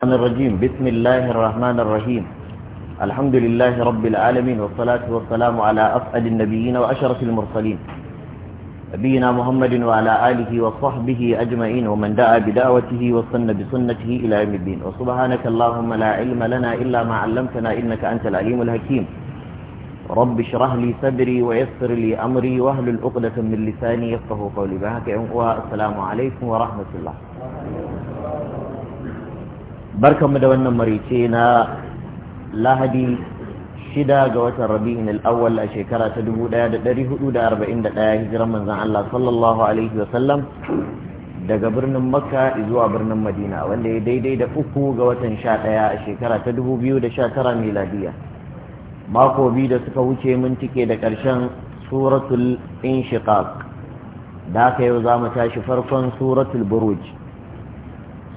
الرحمن الرجيم بسم الله الرحمن الرحيم الحمد لله رب العالمين والصلاة والسلام على أفعد النبيين وأشرف المرسلين نبينا محمد وعلى آله وصحبه أجمعين ومن دعا بدعوته وصن بسنته إلى يوم الدين وسبحانك اللهم لا علم لنا إلا ما علمتنا إنك أنت العليم الحكيم رب اشرح لي صدري ويسر لي أمري واهل العقدة من لساني يفقه قولي بهك السلام عليكم ورحمة الله barkanmu da wannan marice na lahadi shida ga watan rabi'in al'awwal a shekara ta 1441 hijiran manzan Allah sallallahu alaihi wasallam daga birnin makka zuwa birnin madina wanda ya daidai da uku ga watan sha daya a shekara ta 2019 miladiya mako biyu da suka wuce mun tike da karshen suratul inshiqaq da aka yau za mu tashi farkon suratul buruj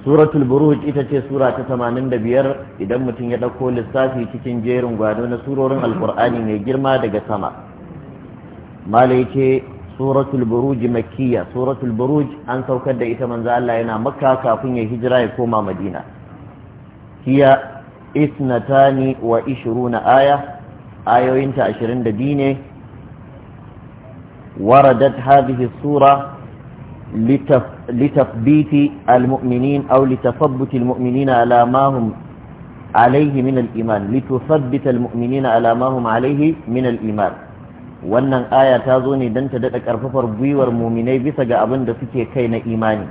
suratul buruj ita ce sura ta 85 idan mutum ya ɗauko lissafi cikin jerin gwado na surorin alkur'ani mai girma daga sama ya ce suratul buruj makkiya suratul buruj an saukar da ita manzo Allah yana makka kafin ya hijira ya koma madina hiya isnatani wa na aya ayoyinta 22 ne waradat hadhihi sura لتثبيت المؤمنين أو لتثبت المؤمنين على ما هم عليه من الإيمان لتثبت المؤمنين على ما هم عليه من الإيمان wannan aya ta zo ne don ta daɗa ƙarfafar gwiwar muminai bisa ga abin da suke kai na imani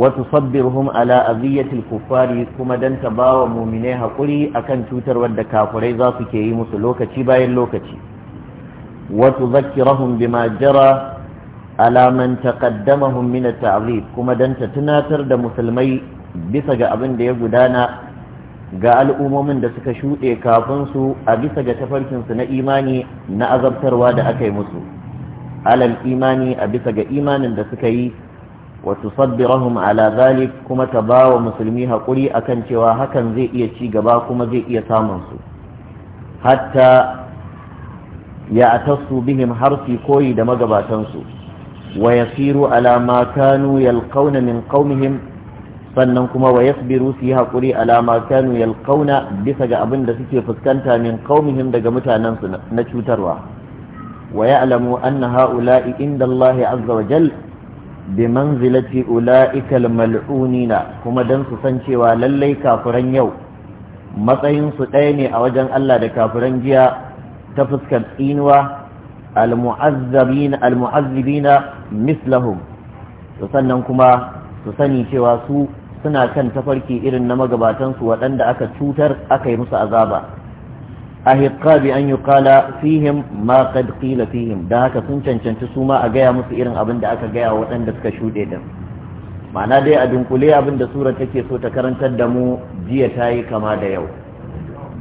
wasu sabbirhum ala aziyatil kuffari kuma don ta ba wa muminai haƙuri akan cutar wadda kafurai za su ke yi musu lokaci bayan lokaci wasu zakirahum bima jira. alaman taqaddamahum min at kuma dan ta tunatar da musulmai bisa ga abin da ya gudana ga al'ummomin da suka shuɗe kafin su a bisa ga tafarkin su na imani na azabtarwa da aka yi musu alal imani a bisa ga imanin da suka yi wasu tusabbirahum ala zalik kuma ta ba wa musulmi haƙuri akan cewa hakan zai iya ci gaba kuma zai iya samun su hatta ya atasu bihim harfi koyi da magabatansu ويسيروا على ما كانوا يلقون من قومهم sannan kuma wa yasbiru su yi haƙuri alama kanu yalkauna bisa ga abin da suke fuskanta min qaumihim daga mutanensu na cutarwa wa ya'lamu anna ha'ula'i inda Allah azza wa jal bi manzilati ula'ika mal'unina kuma dan su san cewa lallai kafiran yau Matsayinsu ɗaya ne a wajen Allah da kafiran jiya ta fuskar tsinuwa almu'azzabina almu'azzibina sannan kuma su sani cewa su suna kan tafarki irin na magabatansu waɗanda aka cutar aka yi musu azaba a bi an yuqala fihim ma qad qila fihim da haka sun cancanci su ma a gaya musu irin abin da aka gaya waɗanda suka shuɗe din ma'ana dai a dunkule abin da sura take so ta karantar da mu jiya ta yi kama da yau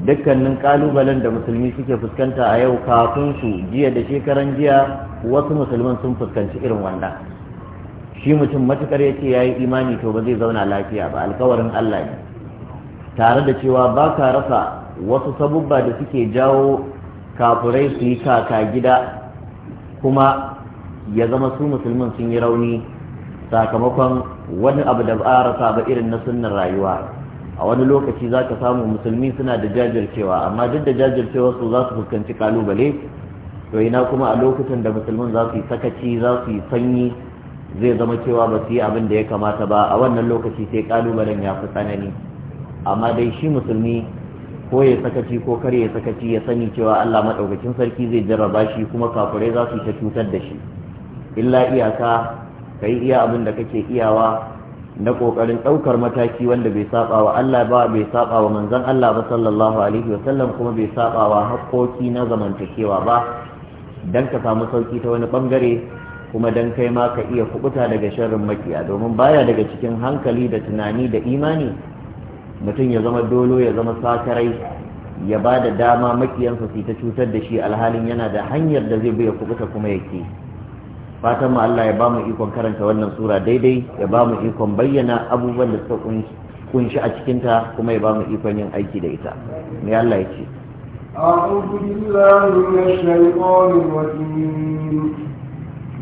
dukkanin kalubalen da musulmi suke fuskanta a yau kafin su jiya da shekaran jiya wasu musulman sun fuskanci irin wannan shi mutum matukar ya ce ya yi imani to ba zai zauna lafiya ba alkawarin Allah ne tare da cewa ba ka rasa wasu sabubba da suke jawo kafurai su yi kaka gida kuma ya zama su musulmin sun yi rauni sakamakon wani abu da ba a rasa ba irin na sunnan rayuwa a wani lokaci za ka samu musulmi suna da jajircewa amma duk da jajircewa su za su fuskanci kalubale to ina kuma a lokacin da musulmin za su yi sakaci za su yi sanyi zai zama cewa ba su yi abin da ya kamata ba a wannan lokaci sai kalubalen ya fi tsanani amma dai shi musulmi ko ya sakaci ko kar ya sakaci ya sani cewa Allah maɗaukacin sarki zai jarraba shi kuma kafurai za su ta cutar da shi illa iyaka ka yi iya abin da kake iyawa na kokarin daukar mataki wanda bai saba wa Allah ba bai saba wa manzon Allah ba sallallahu alaihi wa sallam kuma bai saba wa haƙƙoƙi na zamantakewa ba dan ka samu sauki ta wani bangare kuma dan kai ma ka iya kubuta daga sharrin makiya domin baya daga cikin hankali da tunani da imani mutum ya zama dolo ya zama sakarai ya ba da dama makiyansa su ta cutar da shi alhalin yana da hanyar da zai bai kubuta kuma yake fatan mu Allah ya bamu ikon karanta wannan sura daidai ya bamu ikon bayyana abubuwan da suka kunshi a cikinta kuma ya bamu ikon yin aiki da ita me Allah ya ce أعوذ بالله من الشيطان الرجيم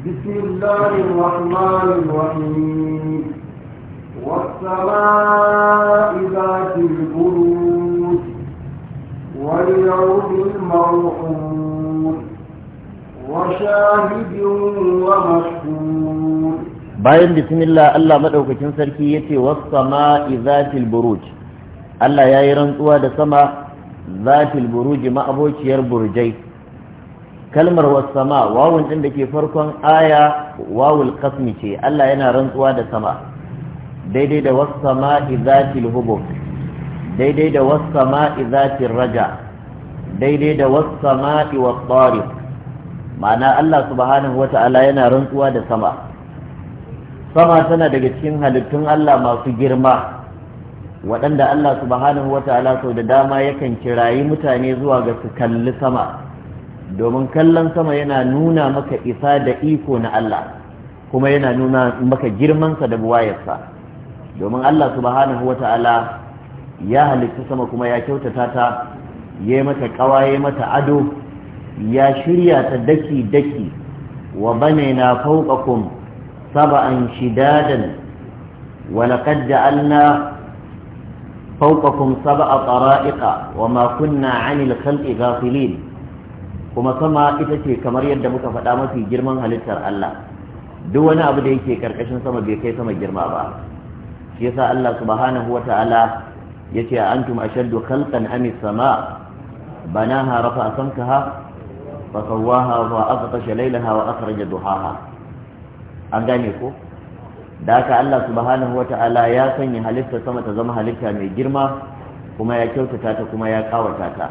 بسم الله الرحمن الرحيم والسماء ذات البروج واليوم الموعود bayan bismillah Allah maɗaukakin sarki ya ce wasama zatil buruj Allah ya yi rantsuwa da sama zatil buruji ma'abociyar burjai kalmar wasama wawun ɗin da ke farkon aya wawul kasmi ce Allah yana rantsuwa da sama daidai da wasama zatil hubub daidai da wasama zatil raja daidai da wasama wa tsarif ma'ana Allah subhanahu wa ta'ala yana rantsuwa da sama sama tana daga cikin halittun Allah masu girma waɗanda Allah subhanahu wa ta'ala sau da dama yakan kirayi mutane zuwa ga su kalli sama domin kallon sama yana nuna maka isa da iko na Allah kuma yana nuna maka girmansa da buwayarsa domin Allah subhanahu wa ta'ala ya halitta sama kuma ya kyautata ta ya mata ƙawa mata ado ya shirya ta daki-daki wa bane na fauƙaƙun saba'an shidadan walaƙad da alna fauƙaƙun saba'a tsara'iƙa wa makunna anil khalqi gafilin kuma sama ita ce kamar yadda muka faɗa mafi girman halittar Allah duk wani abu da yake karkashin sama bai kai sama girma ba shi yasa Allah subhanahu wata'ala yace antum ashaddu khalqan amis sama banaha rafa'a samkaha fasawaha wa azqasha laylaha wa akhraja duhaha an gane ko da haka Allah subhanahu wata'ala ya sanya halitta sama ta zama halitta mai girma kuma ya kyautata ta kuma ya kawata ta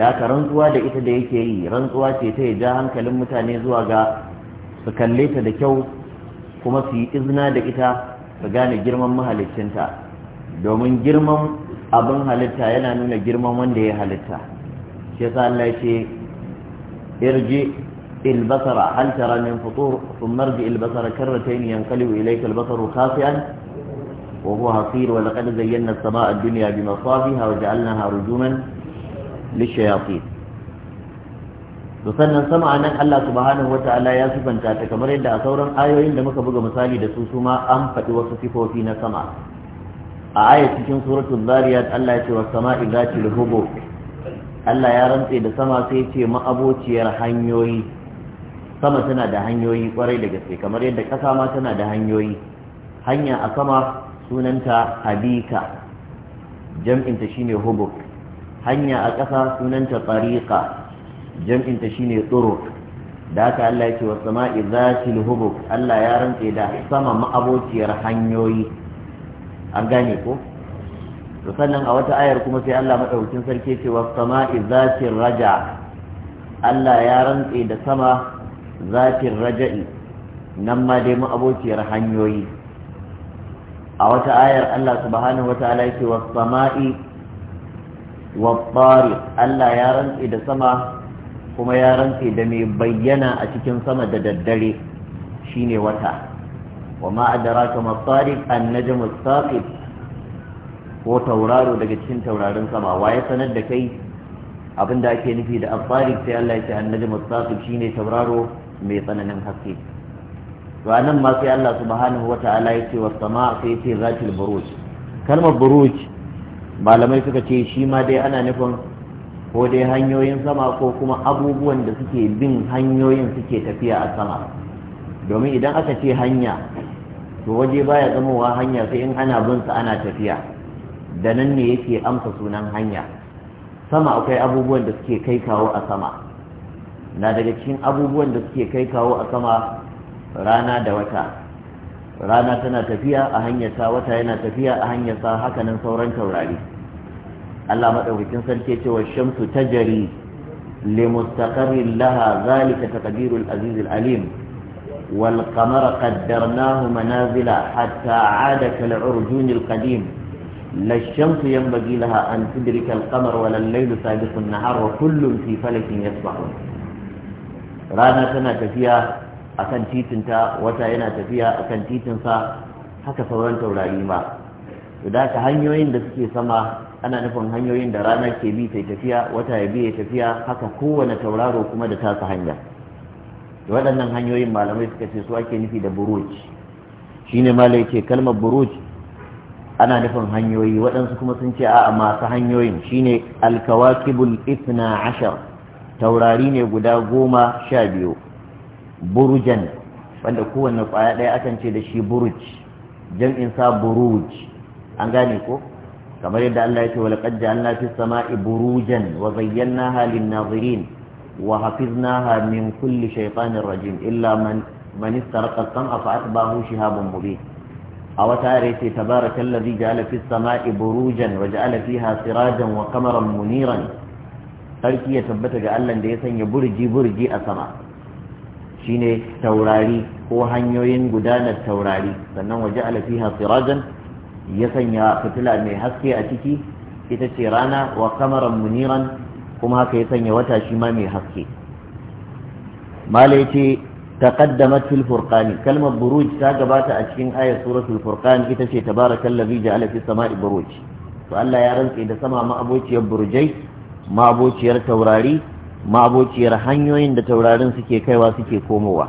da haka rantsuwa da ita da yake yi rantsuwa ce ta ja hankalin mutane zuwa ga su kalle ta da kyau kuma su yi izina da ita su gane girman mahalicinta domin girman abin halitta yana nuna girman wanda ya halitta shi yasa Allah ce ارجع البصر هل ترى من فطور ثم ارجع البصر كرتين ينقلب إليك البصر خاطئا وهو هصير ولقد زينا السماء الدنيا بمصابيها وجعلناها رجوما للشياطين to sama a nan Allah subhanahu wa ya sifanta ta kamar yadda a sauran ayoyin da muka buga misali da su su ma an faɗi wasu sifofi na sama a ayat cikin suratul zariyat Allah ya ce was sama'i zati al Allah ya rantse da sama sai ce ma'abociyar hanyoyi sama tana da hanyoyi kwarai da gaske kamar yadda ƙasa ma tana da hanyoyi hanya a sama sunanta habika jam'inta shine hubuk hanya a ƙasa sunanta tsariƙa jam'inta shine tsuruk da haka Allah ya ce wa sama'i zatil hubuk Allah ya rantse da sama ma'abociyar hanyoyi an gane ko sannan a wata ayar kuma sai Allah maɗaukin sarki ce wa sama'i zatir raja Allah ya rantse da sama zatir raja'i nan ma dai mu abokiyar hanyoyi a wata ayar Allah subhanahu wataala yake wa sama'i wabbari Allah ya rantse da sama kuma ya rantse da mai bayyana a cikin sama da daddare shine wata wa ma'adara adraka masariq an-najmu as ko tauraro daga cikin taurarin sama wa ya sanar da kai abin da ake nufi da abbarik sai Allah ya ce annabi shi shine tauraro mai tsananin haske to anan ma sai Allah subhanahu wata'ala ya ce wasu sama sai ya ce zatil buruj kalmar buruj malamai suka ce shi ma dai ana nufin ko dai hanyoyin sama ko kuma abubuwan da suke bin hanyoyin suke tafiya a sama domin idan aka ce hanya to waje baya zamowa hanya sai in ana bin sa ana tafiya da nan ne yake amsa sunan hanya sama akwai abubuwan da suke kai kawo a sama na daga cikin abubuwan da suke kai kawo a sama rana da wata rana tana tafiya a hanyarsa wata yana tafiya a hanyarsa hakanan sauran taurari Allah maɗaukakin sarki ce wa shamsu ta jari mustaqarrin laha zalika taqdirul aziz al alim wal qamara qaddarnahu manazila hatta 'ada kal 'urjun al qadim la shamsu yanbaghi laha an tudrika al-qamar wa al-laylu sabiqu an-nahar wa kullun fi falakin yasbahun rana tana tafiya akan titinta wata yana tafiya akan titinsa haka sauran taurari ma to da hanyoyin da suke sama ana nufin hanyoyin da rana ke bi sai tafiya wata ya bi ya tafiya haka kowane tauraro kuma da tasa hanya da waɗannan hanyoyin malamai suka ce su ake nufi da buruj shine Malam yake kalmar buruj ana nufin hanyoyi waɗansu kuma sun ce a masu hanyoyin shine alkawakibul ifna ashar taurari ne guda goma sha biyu burujan wanda kowanne kwaya ɗaya akan ce da shi buruj jam'in sa buruj an gane ko kamar yadda Allah ya ce wa laqad ja'alna sama'i burujan wa zayyanaha lin nazirin wa hafiznaha min kulli shaytanir rajim illa man man istaraqa as-sam'a fa atba'ahu shihabun mubin a wata yare ce tabarakal ladi ga fis sama'i burujan wa ja'ala fiha sirajan wa kamaran muniran sarki ya tabbata ga Allah da ya sanya burji burji a sama shine taurari ko hanyoyin gudanar taurari sannan waje alafi fiha sirajan ya sanya fitila mai haske a ciki ita ce rana wa kamaran muniran kuma haka ya sanya wata shi ma mai haske malai ce تقدمت في الفرقان كلمة بروج تاقبات أشكين آية سورة الفرقان إتشي تبارك الذي جعل في السماء بروج فألا يارنك إذا سمع ما أبوك يبرجي ما أبوك ير توراري ما أبوك ير حنيوين دا تورارين سكي كيوا سكي كوموا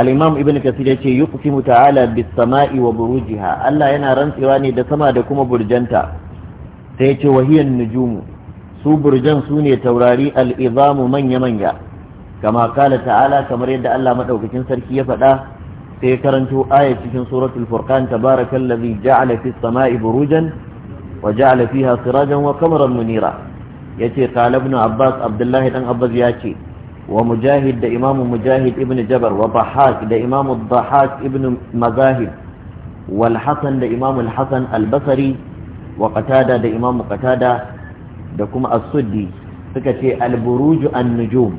الإمام ابن كثير يقسم تعالى بالسماء وبروجها ألا ينارنك إواني دا سمع دا كوم برجنتا سيتي وهي النجوم su burjan su ne taurari al'izamu manya-manya kama kala ta'ala kamar yadda Allah madaukakin sarki ya faɗa sai karanto ayat cikin suratul furqan tabarakallazi ja'ala fis sama'i burujan wa ja'ala fiha sirajan wa qamaran munira yace qala ibn abbas abdullahi dan abbas yace wa mujahid da imam mujahid ibn jabr wa bahak da imam bahak ibn mazahib wal hasan da imam al hasan al basri wa qatada da imam qatada da kuma as-suddi suka ce al buruj an nujum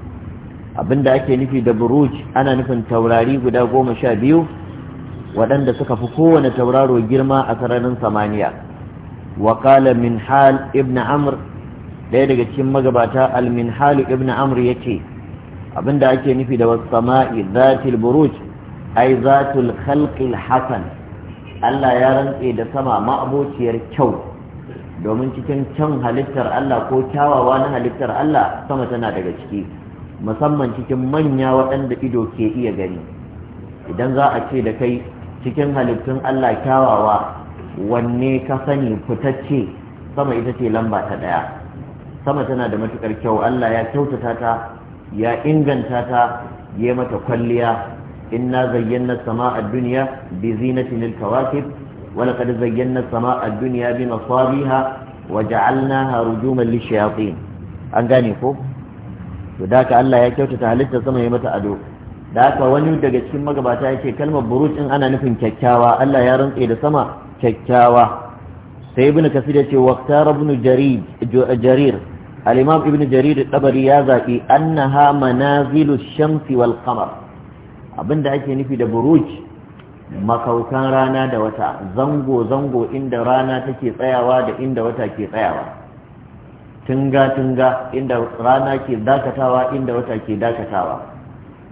abinda ake nufi da buruj ana nufin taurari guda goma sha biyu waɗanda suka fi kowane tauraro girma a sararin samaniya wakala minhal ibn amr ɗaya daga cikin magabata al-minhal ibn amr ya ce abinda ake nufi da wasu sama'i zatil buruj ai zatul khalqil hasan Allah ya rantse da sama ma'abociyar kyau domin cikin kyan halittar Allah ko kyawawa na halittar Allah sama tana daga ciki musamman cikin manya waɗanda ido ke iya gani idan za a ce da kai cikin halittun Allah kyawawa wanne ka sani fitacce sama ita ce lamba ta ɗaya sama tana da matukar kyau Allah ya kyautata ta ya inganta ta ya mata kwalliya inna zayyana sama'a duniya bi zinatin lil kawakib wa laqad zayyana sama'a duniya bi masabiha wa ja'alnaha rujuman lishayatin an gane ko to da Allah ya kyautata halitta sama ya mata ado da haka wani daga cikin magabata yake kalmar buruj in ana nufin kyakkyawa Allah ya rantse da sama kyakkyawa sai ibnu kasir yace waqtar ibn ibnu jarir al-imam jarir tabari ya zaki annaha manazilu shamsi wal qamar abinda ake nufi da buruj makaukan rana da wata zango zango inda rana take tsayawa da inda wata ke tsayawa tunga-tunga inda rana ke dakatawa inda wata ke dakatawa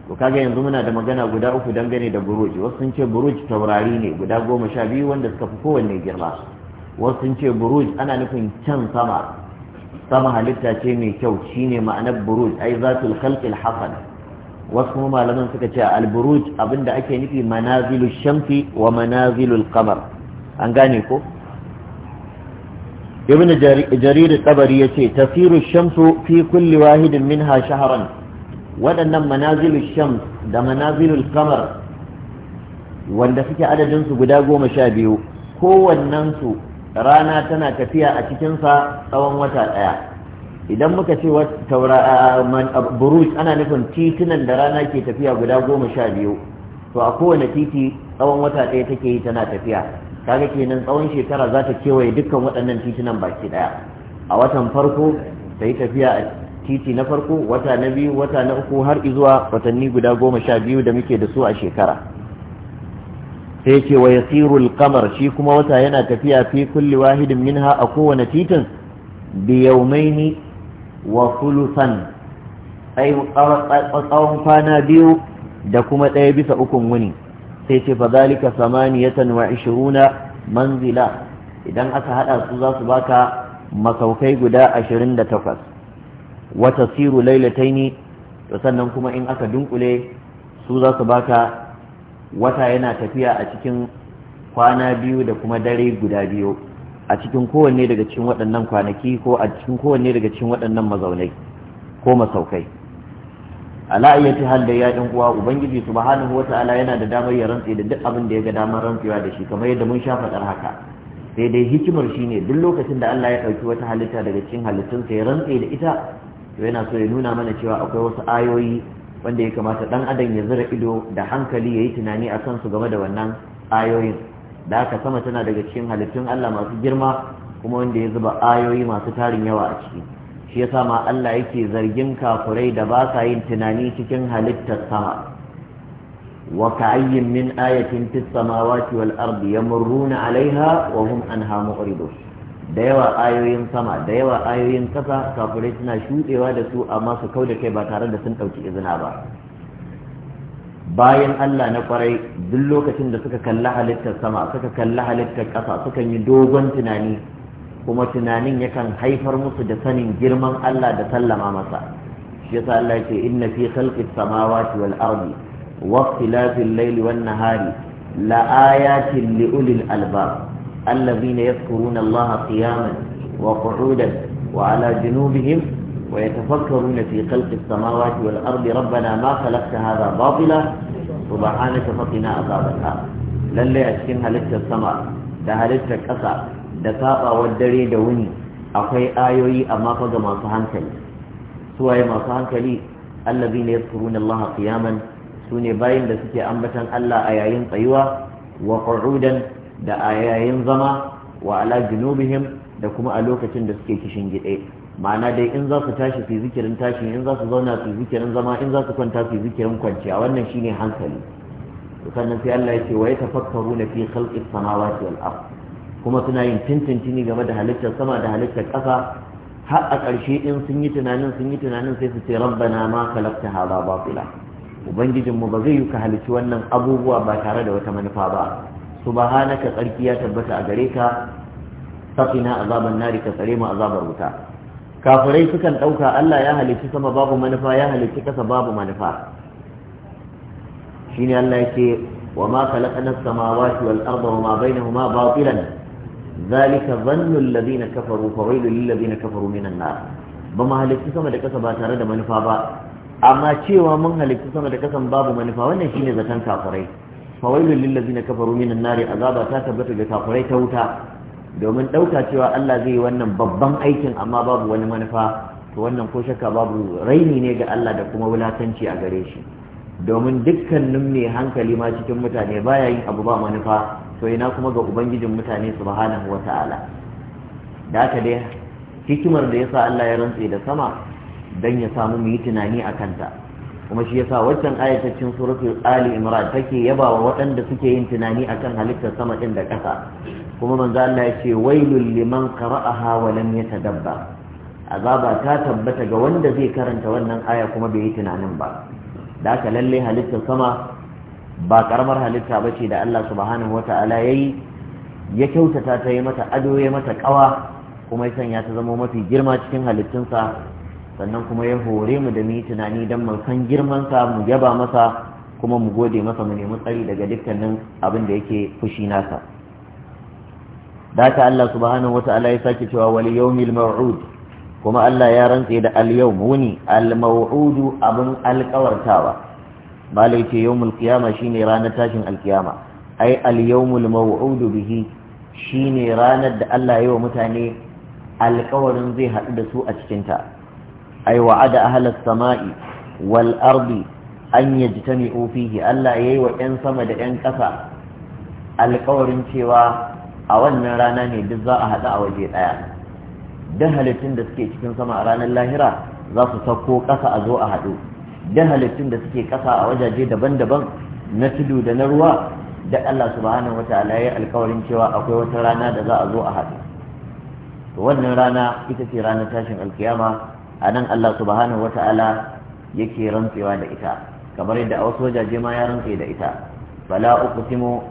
Ku kaga yanzu muna da magana guda uku dangane da buruj wasu sun ce buruj taurari ne guda goma sha biyu wanda suka fi kowanne girma wasu sun ce buruj ana nufin can sama sama halitta ce mai kyau shine ma'anar buruj ai zatul khalqil hasan wasu kuma malaman suka ce al-buruj abinda ake nufi manazilu shamsi wa manazilul kamar. an gane ko ibn jarir tabari yace ce tasiru shamsu fi kulli wahidin minha waɗannan manazilul shams da manazilul kamar wanda suke adadinsu guda goma sha biyu rana tana tafiya a cikinsa tsawon wata ɗaya idan muka ce buruj ana nufin titunan da rana ke tafiya guda goma sha biyu to a kowane titi tsawon wata ɗaya take yi tana tafiya kaga kenan tsawon shekara za ta kewaye dukkan waɗannan titunan baki ɗaya a watan farko ta yi tafiya a titi na farko wata na biyu wata na uku har izuwa watanni guda goma sha biyu da muke da su a shekara sai ce wa yasirul kamar shi kuma wata yana tafiya fi kulli wahidin minha a kowane titin bi yawmaini wa fulusan ai tsawon kwana biyu da kuma ɗaya bisa ukun wuni sai ce fa zalika samaniyatan wa ishiruna manzila idan aka hada su za su baka masaukai guda ashirin da takwas wata siru lailataini to sannan kuma in aka dunkule su za su baka wata yana tafiya a cikin kwana biyu da kuma dare guda biyu a cikin kowanne daga cikin waɗannan kwanaki ko a cikin kowanne daga cikin waɗannan mazaunai ko masaukai ala ayyati hal da ya ɗan uwa ubangiji subhanahu wata'ala yana da damar ya rantse da duk abin da ya ga damar rantsewa da shi kamar yadda mun sha faɗar haka sai dai hikimar shine duk lokacin da Allah ya ɗauki wata halitta daga cikin halittunsa ya rantse da ita to yana so ya nuna mana cewa akwai wasu ayoyi wanda ya kamata dan adam ya zura ido da hankali yayi tunani a su game da wannan ayoyin da aka sama tana daga cikin halittun Allah masu girma kuma wanda ya zuba ayoyi masu tarin yawa a ciki shi yasa ma Allah yake zargin kafurai da ba sa yin tunani cikin halittar sama wa ka'ayyin min ayatin fis samawati wal ardi yamurruna 'alayha wa hum anha mu'ridun da yawa ayoyin sama da yawa ayoyin kasa kafurai suna shudewa da su amma su kauda kai ba tare da sun dauki izina ba bayan Allah na kwarai duk lokacin da suka kalli halittar sama suka kalli halittar kasa sukan yi dogon tunani kuma tunanin yakan haifar musu da sanin girman Allah da sallama masa shi yasa Allah ya ce inna fi khalqis samawati wal ardi wa ikhtilafil laili wan nahari la ayatin li ulil albab alladhina yadhkuruna Allah qiyaman wa qu'udan wa ala junubihim ويتفكرون في خلق السماوات والأرض ربنا ما خلقت هذا باطلا سبحانك فقنا عذاب النار للي cikin halittar sama da لك أسعى da saɓawar dare da wuni akwai ayoyi amma fa masu hankali suwaye masu hankali allazi ne yadhkuruna allaha qiyaman sune bayin da suke ambatan Allah a yayin tsayuwa wa qu'udan da a yayin zama wa ala junubihim da kuma a lokacin da suke kishin gide ma'ana dai in za su tashi su zikirin tashi in za su zauna su zikirin zama in za su kwanta su zikirin kwanciya wannan shine hankali sannan sai Allah ya ce wa na fi khalqis samawati wal ardh kuma suna yin tintintini game da halittar sama da halittar ƙasa har a ƙarshe in sun yi tunanin sun yi tunanin sai su ce rabbana ma kalakta hada batila ubangijinmu ba zai yi ka halicci wannan abubuwa ba tare da wata manufa ba subhanaka tsarki ya tabbata a gare ka safina azaban nari ka tsare mu azabar wuta kafirai sukan ɗauka Allah ya halicci sama babu manufa ya halicci ƙasa babu manufa shine Allah yake wa ma khalaqna as-samawati wal arda wa ma bainahuma batilan zalika zannul ladina kafaru fa wailul lil ladina kafaru minan nar ba mu halitta sama da kasa ba tare da manufa ba amma cewa mun halitta sama da kasan babu manufa wannan shine zaton kafirai fa wailul lil ladina kafaru minan nar azaba ta tabbata ga kafirai ta wuta domin dauka cewa Allah zai yi wannan babban aikin amma babu wani manufa to wannan ko shakka babu raini ne ga Allah da kuma wulatanci a gare shi domin dukkanin mai hankali ma cikin mutane baya yin abu ba manufa to ina kuma ga ubangijin mutane subhanahu wata'ala da haka dai hikimar da yasa Allah ya rantse da sama dan ya samu mu yi tunani a kanta kuma shi yasa waccan ayatacin suratul ali imran take yabawa waɗanda suke yin tunani akan halittar sama din da ƙasa kuma manzo Allah ya ce wailul liman qara'aha wa lam yatadabbar azaba ta tabbata ga wanda zai karanta wannan aya kuma bai yi tunanin ba da aka lalle halittar sama ba karamar halitta ba ce da Allah subhanahu ta'ala ya yi ya kyautata ta yi mata ado ya mata kawa kuma ya sanya ta zama mafi girma cikin halittunsa sannan kuma ya hore mu da mu tunani don mu san girmansa mu yaba masa kuma mu gode masa mu nemi tsari daga dukkanin abin da yake fushi nasa data Allah subhanahu wata'ala ya sake cewa wal yawmil maw'ud kuma Allah ya rantse da al yawm wuni al maw'udu abin alkawartawa malai ce yawmul shine ranar tashin alkiyama ai al yawmul maw'udu bihi shine ranar da Allah ya yi wa mutane alkawarin zai haɗu da su a cikin ta ai wa'ada ahlas sama'i wal ardi an yajtami'u fihi Allah ya yi wa 'yan sama da 'yan ƙasa alkawarin cewa a wannan rana ne duk za a haɗu a waje ɗaya duk halittun da suke cikin sama a ranar lahira za su sauko ƙasa a zo a haɗu da halittun da suke kasa a wajaje daban-daban na tudu da na ruwa da Allah subhanahu wataala ya alkawarin cewa akwai wata rana da za a zo a haɗu to wannan rana ita ce ranar tashin alkiyama a nan Allah subhanahu wataala yake rantsewa da ita kamar yadda a wasu wajaje ma ya rantse da ita fala uqsimu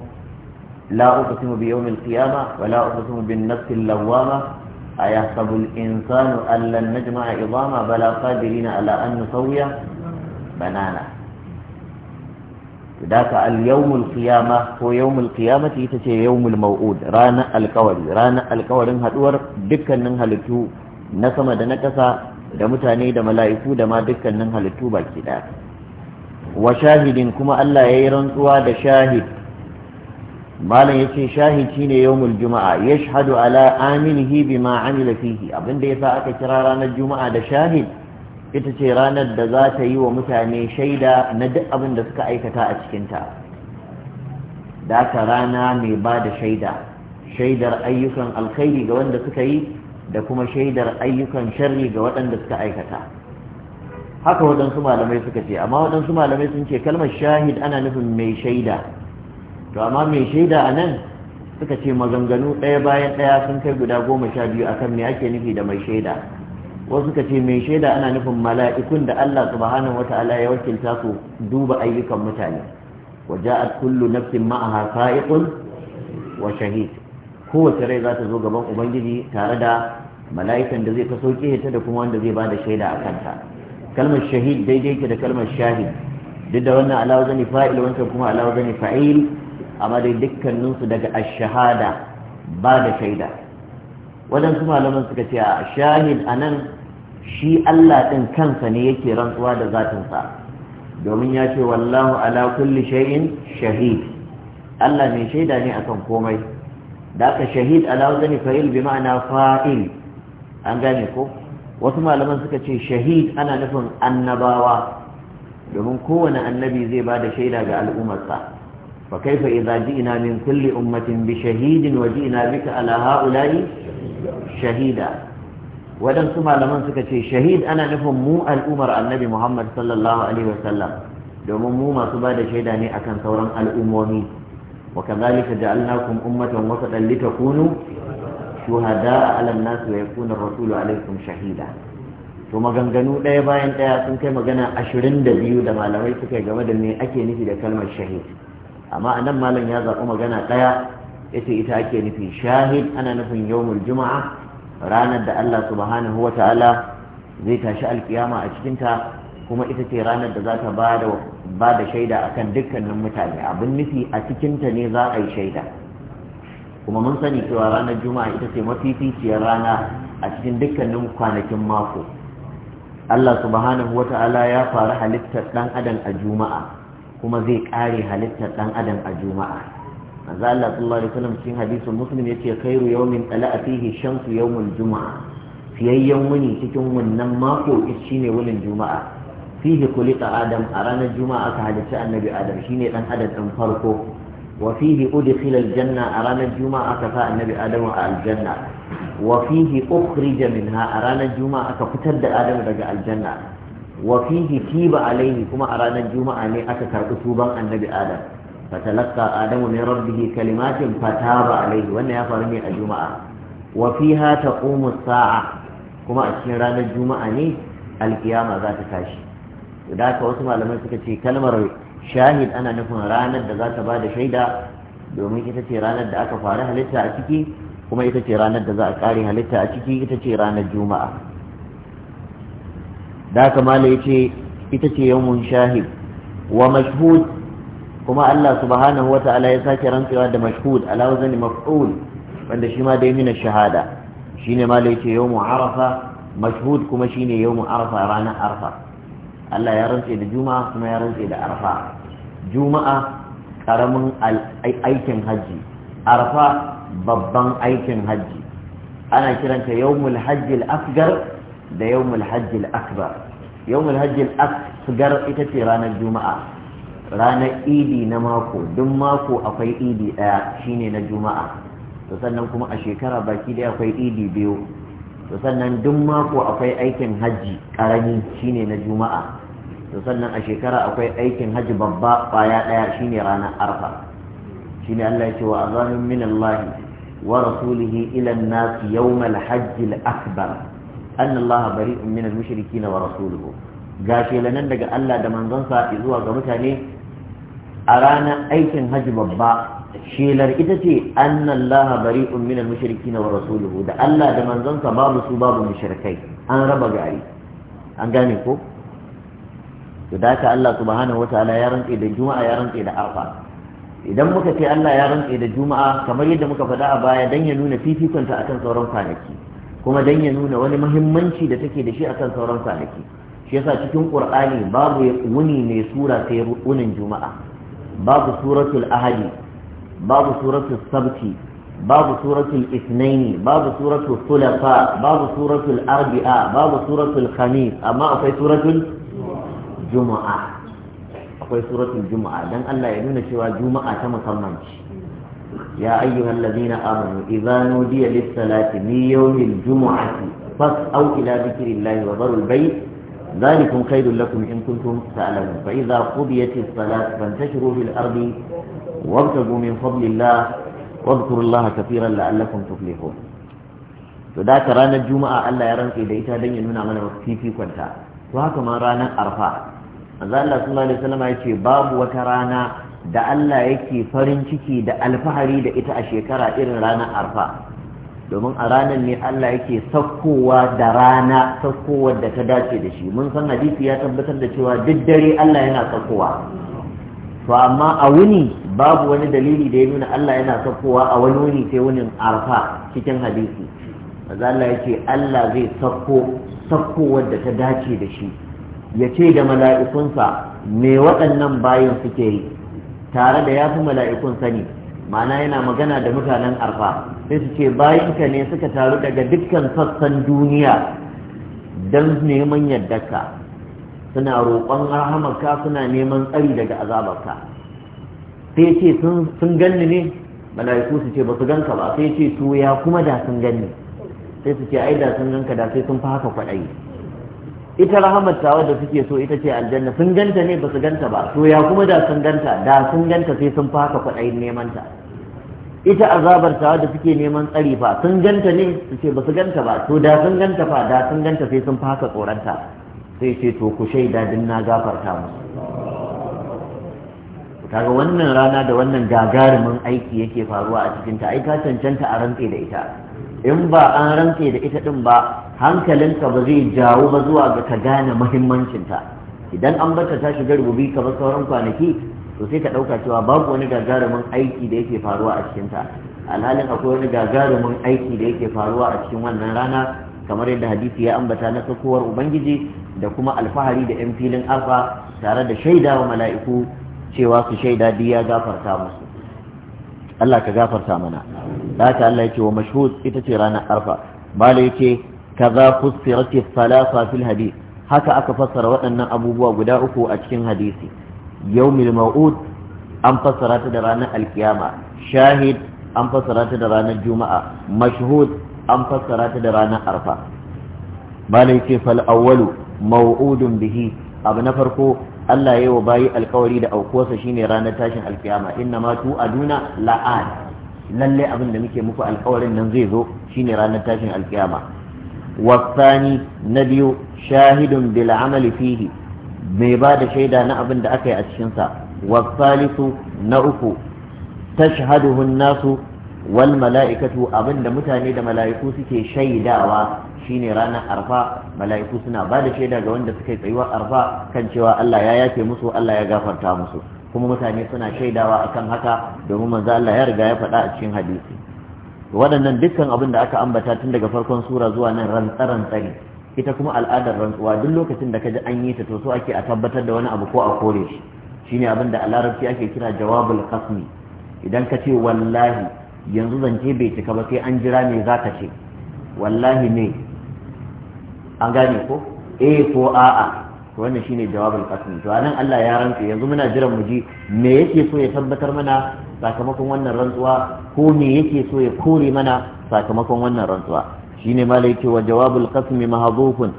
la uqsimu bi yawmil qiyama wala uqsimu bin nafsil lawwama ayahsabu al-insanu an lan najma'a idama bala qadirina ala an nusawiya banana da ka al-yawmul qiyama ko yawmul qiyamati ita ce yawmul maw'ud ranar alkawari ranar alkawarin haduwar dukkanin halittu na sama da na ƙasa da mutane da mala'iku da ma dukkanin halittu baki ɗaya wa shahidin kuma Allah ya yi rantsuwa da shahid malam ya ce shahid shine yawmul juma'a yashhadu ala amilihi bima amila fihi abinda yasa aka kira ranar juma'a da shahid ita ce ranar da za ta yi wa mutane shaida na duk abin da suka aikata a cikinta da ta rana mai ba da shaida shaidar ayyukan alkhairi ga wanda suka yi da kuma shaidar ayyukan sharri ga waɗanda suka aikata haka waɗansu malamai suka ce amma waɗansu malamai sun ce kalmar shahid ana nufin mai shaida to amma mai shaida a nan suka ce maganganu ɗaya bayan ɗaya sun kai guda goma sha biyu akan me ake nufi da mai shaida wasu ka ce mai shaida ana nufin mala'ikun da Allah subhanahu wata'ala ya wakilta su duba ayyukan mutane wa ja'at kullu nafsin ma'aha sa'iqun wa shahid kowace rai za ta zo gaban ubangiji tare da mala'ikan da zai kaso ta da kuma wanda zai bada shaida a kanta kalmar shahid daidai ke da kalmar shahid duk da wannan alawa zani fa'il wancan kuma alawa zani fa'il amma dai dukkaninsu daga ashahada ba da shaida wadansu malaman suka ce a shahid a nan shi Allah ɗin kansa ne yake rantsuwa da zatinsa domin ya ce wallahu ala kulli shay'in shahid Allah mai shaida ne akan komai da aka shahid ala wazani fa'il bi ma'ana fa'il an gane ko wasu malaman suka ce shahid ana nufin annabawa domin kowane annabi zai ba da shaida ga al'ummarsa fa kaifa idza ji'na min kulli ummatin bi shahidin wa ji'na bika ala ha'ula'i shahida waɗansu malaman suka ce shahid ana nufin mu al'umar annabi muhammad sallallahu alaihi wasallam domin mu masu ba da shaida ne akan sauran al'ummomi wa kazalika ja'alnakum ummatan wasatan litakunu shuhada 'ala nas wa yakuna rasulu 'alaykum shahida to maganganu ɗaya bayan ɗaya sun kai magana ashirin da biyu da malamai suka yi game da me ake nufi da kalmar shahid amma anan malam ya zaɓi magana ɗaya ita ita ake nufi shahid ana nufin yawmul juma'a ranar da Allah subhanahu wa ta'ala zai tashi alkiyama a cikinta kuma ita ce ranar da za ta ba da shaida kan dukkanin mutane abin nufi a cikinta ne za a yi shaida kuma mun sani cewa ranar juma'a ita ce mafificiyar rana a cikin dukkanin kwanakin mako Allah subhanahu wa ta'ala ya faru halittar dan adam a juma'a kuma zai kare halittar dan adam a juma'a manzo Allah sallallahu alaihi wasallam cikin hadisin muslim yace khairu yawmin tala'a fihi shamsu yawmul juma'a fiyayyan wuni cikin wannan mako shine wunin juma'a fihi kulika adam a ranar juma'a aka halicci annabi adam shine dan adam ɗin farko wa fihi udkhila aljanna a ranar juma'a aka sa annabi adam a aljanna wa fihi ukhrija minha a ranar juma'a aka fitar da adam daga aljanna wa fihi tiba alaihi kuma a ranar juma'a ne aka karɓi tuban annabi adam فتلقى آدم من ربه كلمات فتاب عليه وأن يفرمي الجمعة وفيها تقوم الساعة كما أشيران الجمعة القيامة ذات تاشي وذاك وسمع لما سكتي كلمة شاهد أنا نكون رانا ذات بعد شيدا domin ita ce ranar da aka fara halitta a ciki kuma ita ce ranar da za a ƙare halitta a ciki ita ce ranar juma'a da kamala ya ce ita ce yawon shahid wa mashhud kuma Allah subhanahu wata'ala ya sake rantsewa da mashhud ala wazni maf'ul wanda shi ma dai mina shahada shine ma da yake yawmu arafa mashhud kuma shine yawmu arafa ranar arafa Allah ya rantse da juma'a kuma ya rantse da arafa juma'a karamin aikin hajji arafa babban aikin hajji ana kiranta yawmul hajji al-asghar da yawmul hajji al-akbar yawmul hajji al-asghar ita ce ranar juma'a ranar idi na mako duk mako akwai idi ɗaya shine na juma'a to sannan kuma a shekara baki ɗaya akwai idi biyu to sannan duk mako akwai aikin hajji ƙarami shine na juma'a to sannan a shekara akwai aikin hajji babba ƙwaya ɗaya shine ranar arfa shine Allah ya ce wa azanin min Allah wa rasulihi ila an-nas yawm al-hajj al-akbar anna Allah bari'un min al-mushrikeena wa rasuluhu ga nan daga Allah da manzonsa zuwa ga mutane a ranar aikin hajji babba shelar ita ce annan laha bari umminan mushrikin na rasuluhu da Allah da manzansa babu su babu mushrikai an raba gari an gane ko to da ka Allah subhanahu wataala ya rantse da juma'a ya rantse da arfa idan muka ce Allah ya rantse da juma'a kamar yadda muka faɗa a baya dan ya nuna fifikonta akan sauran kwanaki kuma dan ya nuna wani muhimmanci da take da shi akan sauran kwanaki shi yasa cikin qur'ani babu wuni ne sura sai wunin juma'a babu suratul ahadi babu suratul sabti babu suratul isnaini babu suratul sulafa babu suratul arbi'a babu suratul khamis amma akwai suratul juma'a akwai suratul juma'a dan Allah ya nuna cewa juma'a ta musamman ce ya ayyuhal ladina amanu idza nudiya lis-salati min yawmil jumu'ati fas'au ila dhikrillahi wa dharul bayt ذلكم خير لكم إن كنتم تعلمون فإذا قضيت الصلاة فانتشروا في الأرض وابتغوا من فضل الله واذكروا الله كثيرا لعلكم تفلحون to da ka ranar juma'a Allah ya rantse da ita don ya nuna mana fifikonta to haka ma ranar arfa manzo Allah sallallahu alaihi ya ce babu wata rana da Allah yake farin ciki da alfahari da ita a shekara irin ranar arfa domin a ranar ne Allah yake saukowa da rana saukowar da ta dace da shi mun san hadisi ya tabbatar da cewa duk dare Allah yana saukowa to amma a wuni babu wani dalili da ya nuna Allah yana saukowa a wani wuni sai wunin arfa cikin hadisi maza Allah ya Allah zai sauko saukowar da ta dace da shi ya ce da mala'ikunsa me waɗannan bayan suke yi tare da ya fi mala'ikun sani ma'ana yana magana da mutanen arfa sai su ce bayanka ne suka taru daga dukkan sassan duniya don neman yardarka suna roƙon rahamarka suna neman tsari daga azabarka sai ce sun ganni ne mala'iku su ce ba su ganka ba sai ce to ya kuma da sun ganni sai su ce ai da sun ganka da sai sun fi haka kwaɗayi ita rahamar tawa da suke so ita ce aljanna sun ganta ne ba su ganta ba to ya kuma da sun ganta da sun ganta sai sun haka kwaɗayin neman ta ita azabar tawa da suke neman tsari fa sun ganta ne su ce ba su ganta ba to da sun ganta fa da sun ganta sai sun haka tsoranta sai ce to ku shaida din na gafarta musu kaga wannan rana da wannan gagarumin aiki yake faruwa a cikin ta ai ka cancanta a rantse da ita in ba an rantse da ita din ba hankalinka ba zai jawo ba zuwa ga ka gane muhimmancinta idan an bata ta shiga rububi ba sauran kwanaki to sai ka ɗauka cewa babu wani gagarumin aiki da yake faruwa a cikinta alhalin akwai wani gagarumin aiki da yake faruwa a cikin wannan rana kamar yadda hadisi ya ambata na sakowar ubangiji da kuma alfahari da yan filin arfa tare da shaida wa mala'iku cewa su shaida duk ya gafarta musu Allah ka gafarta mana da ta Allah yake wa mashhud ita ce ranar arfa bala yake kaza fussirat salasa fil hadith haka aka fassara waɗannan abubuwa guda uku a cikin hadisi yawmil ma'ud an fassara ta da ranar alkiyama shahid an fassara ta da ranar juma'a mashhud an fassara ta da ranar arfa bala yake fal awwalu maw'udun bihi abu na farko Allah ya wa bayi alkawari da aukuwarsa shine ranar tashin alkiyama inna ma tu aduna la'an lalle abin da muke muku alkawarin nan zai zo shine ranar tashin alkiyama wasani na biyu shahidun bil amali fihi mai ba da shaida na abin da aka yi a cikinsa salisu na uku tashhaduhu nasu wal mala'ikatu abin da mutane da mala'iku suke shaidawa shine ranar arfa mala'iku suna ba da shaida ga wanda suka yi tsayuwar arfa kan cewa Allah ya yafe musu Allah ya gafarta musu kuma mutane suna shaidawa akan haka domin manzo Allah ya riga ya faɗa a cikin hadisi waɗannan dukkan abin da aka ambata tun daga farkon sura zuwa nan tsari ita kuma al'adar rantsuwa duk lokacin da ka ji an yi ta to so ake a tabbatar da wani abu ko a kore shi shine abin da a larabci ake kira jawabul qasmi idan ka ce wallahi yanzu zance bai cika ba sai an jira me za ka ce wallahi ne an gane ko a eh ko a'a to wannan shine jawabul qasmi to anan Allah ya rantsu yanzu muna jiran mu ji me yake so ya tabbatar mana sakamakon wannan rantsuwa ko me yake so ya kore mana sakamakon wannan rantsuwa shine malaiki wa jawabul qasmi mahdhufun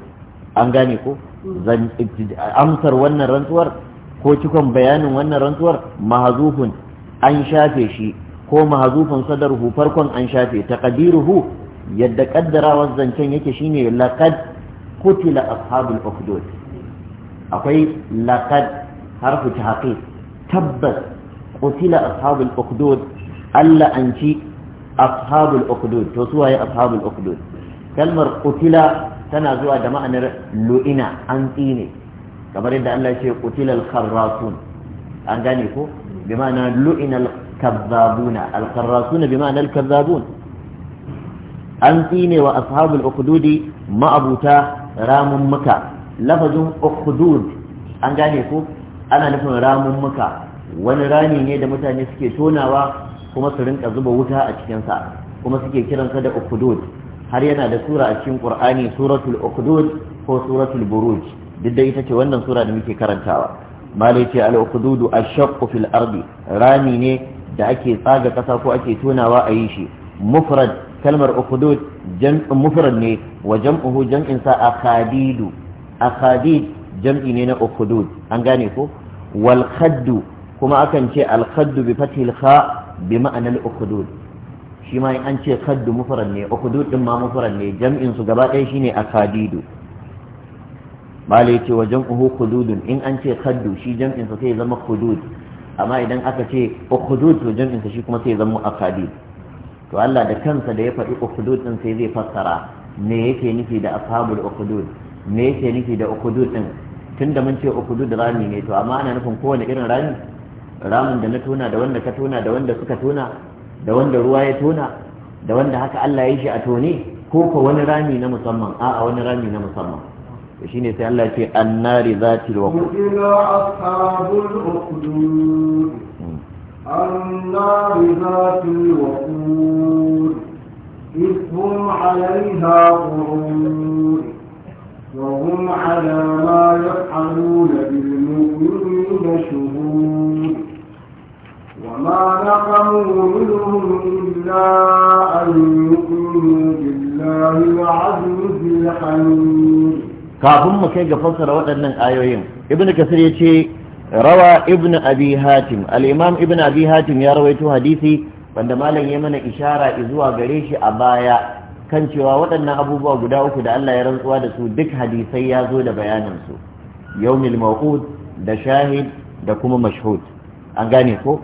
an gane ko amsar wannan rantsuwar ko cikon bayanin wannan rantsuwar mahdhufun an shafe shi ko mahazufin sadarhu farkon an shafe taqdiruhu yadda kaddarawar zancen yake shine laqad kutila ashabul ukhdud akwai laqad harfu tahqiq tabbas kutila ashabul ukhdud Allah an ashabul ukhdud to suwaye ashabul ukhdud kalmar kutila tana zuwa da ma'anar lu'ina an tsine kamar yadda Allah ce qutila al-kharrasun an gane ko bi ma'ana lu'ina al-kazzabuna al-kharrasuna bi ma'ana al-kazzabun an tsine wa ashabul ukhdudi ma'abuta ramun muka lafazin ukhdud an gane ko ana nufin ramun muka wani rani ne da mutane suke tonawa kuma su rinka zuba wuta a cikinsa kuma suke kiransa da ukhdud har yana da sura a cikin qur'ani suratul okudud ko suratul buruj duk da ita ce wannan sura da muke karantawa malai ce al ukhdudu ashaqqu fil ardi rami ne da ake tsaga kasa ko ake tonawa a yi shi mufrad kalmar ukhdud jam'un mufrad ne wa jam'uhu jam'in sa akhadidu akhadid jam'i ne na ukhdud an gane ko wal khaddu kuma akan ce al khaddu bi fathil kha bi ma'anar ukhdud shi ma in an ce kaddu mufarar ne ukhdud din ma mufarar ne jam'in su gaba ɗaya shine akadidu bale ce wa jam'uhu khududun in an ce kaddu shi jam'in sa sai zama khudud amma idan aka ce ukhdud to jam'in sa shi kuma sai zama akadid to Allah da kansa da ya faɗi ukhdud din sai zai fassara me yake nufi da ashabul ukhdud me yake nufi da ukhdud din tunda mun ce ukhdud rami ne to amma ana nufin kowane irin rami ramin da na tona da wanda ka tona da wanda suka tona da wanda ruwa ya tona da wanda haka Allah ya shi a tone ko ko wani rami na musamman a'a wani rami na musamman to shine sai Allah ce annari zatil waqud ila ashabul uqdud hmm. annari zatil waqud isbum alaiha qurud وهم على ما يفعلون بالمؤمنين شهود وما نقموا منهم إلا أن يؤمنوا بالله العزيز الحميد kafin mu kai ga fassara waɗannan ayoyin ibn kasir ya ce rawa ibn abi hatim al-imam ibn abi hatim ya rawaito hadisi wanda malam ya mana ishara zuwa gare shi a baya kan cewa waɗannan abubuwa guda uku da Allah ya rantsuwa da su duk hadisai ya zo da bayanin su yawmil da shahid da kuma mashhud an gane ko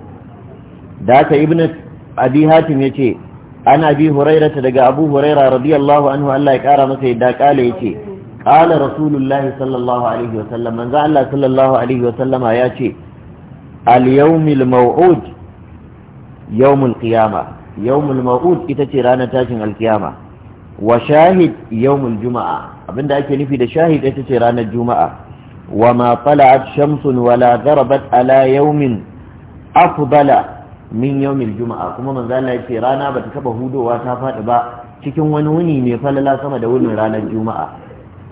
da haka ibn abi hatim yace ana bi hurairah daga abu hurairah radiyallahu anhu Allah ya kara masa yadda kale yace qala rasulullah sallallahu alaihi wa sallam manzo Allah sallallahu alaihi wa sallama yace al yawmil maw'ud yawmul qiyamah yawmul maw'ud ita ce ranar tashin alkiyama wa shahid yawmul juma'a abinda ake nufi da shahid ita ce ranar juma'a wa ma tala'at shamsun wala gharabat ala yawmin afdala min yawmil juma'a kuma manzo Allah ya ce rana bata taba hudowa ta faɗi ba cikin wani wuni mai falala sama da wunin ranar juma'a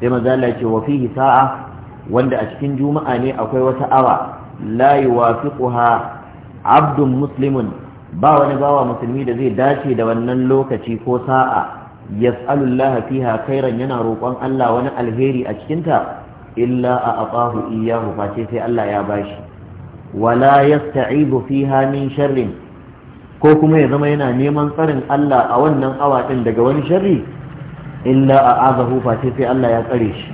sai manzo Allah ya ce wa fihi sa'a wanda a cikin juma'a ne akwai wata awa la yuwafiquha abdun muslimun ba wani bawa musulmi da zai dace da wannan lokaci ko sa'a yas'alullaha fiha khairan yana roƙon Allah wani alheri a cikinta illa a aqahu iyyahu face sai Allah ya bashi wala yasta'ibu fiha min sharrin ko kuma ya zama yana neman tsarin Allah a wannan awa ɗin daga wani sharri illa a'azahu fa sai Allah ya tsare shi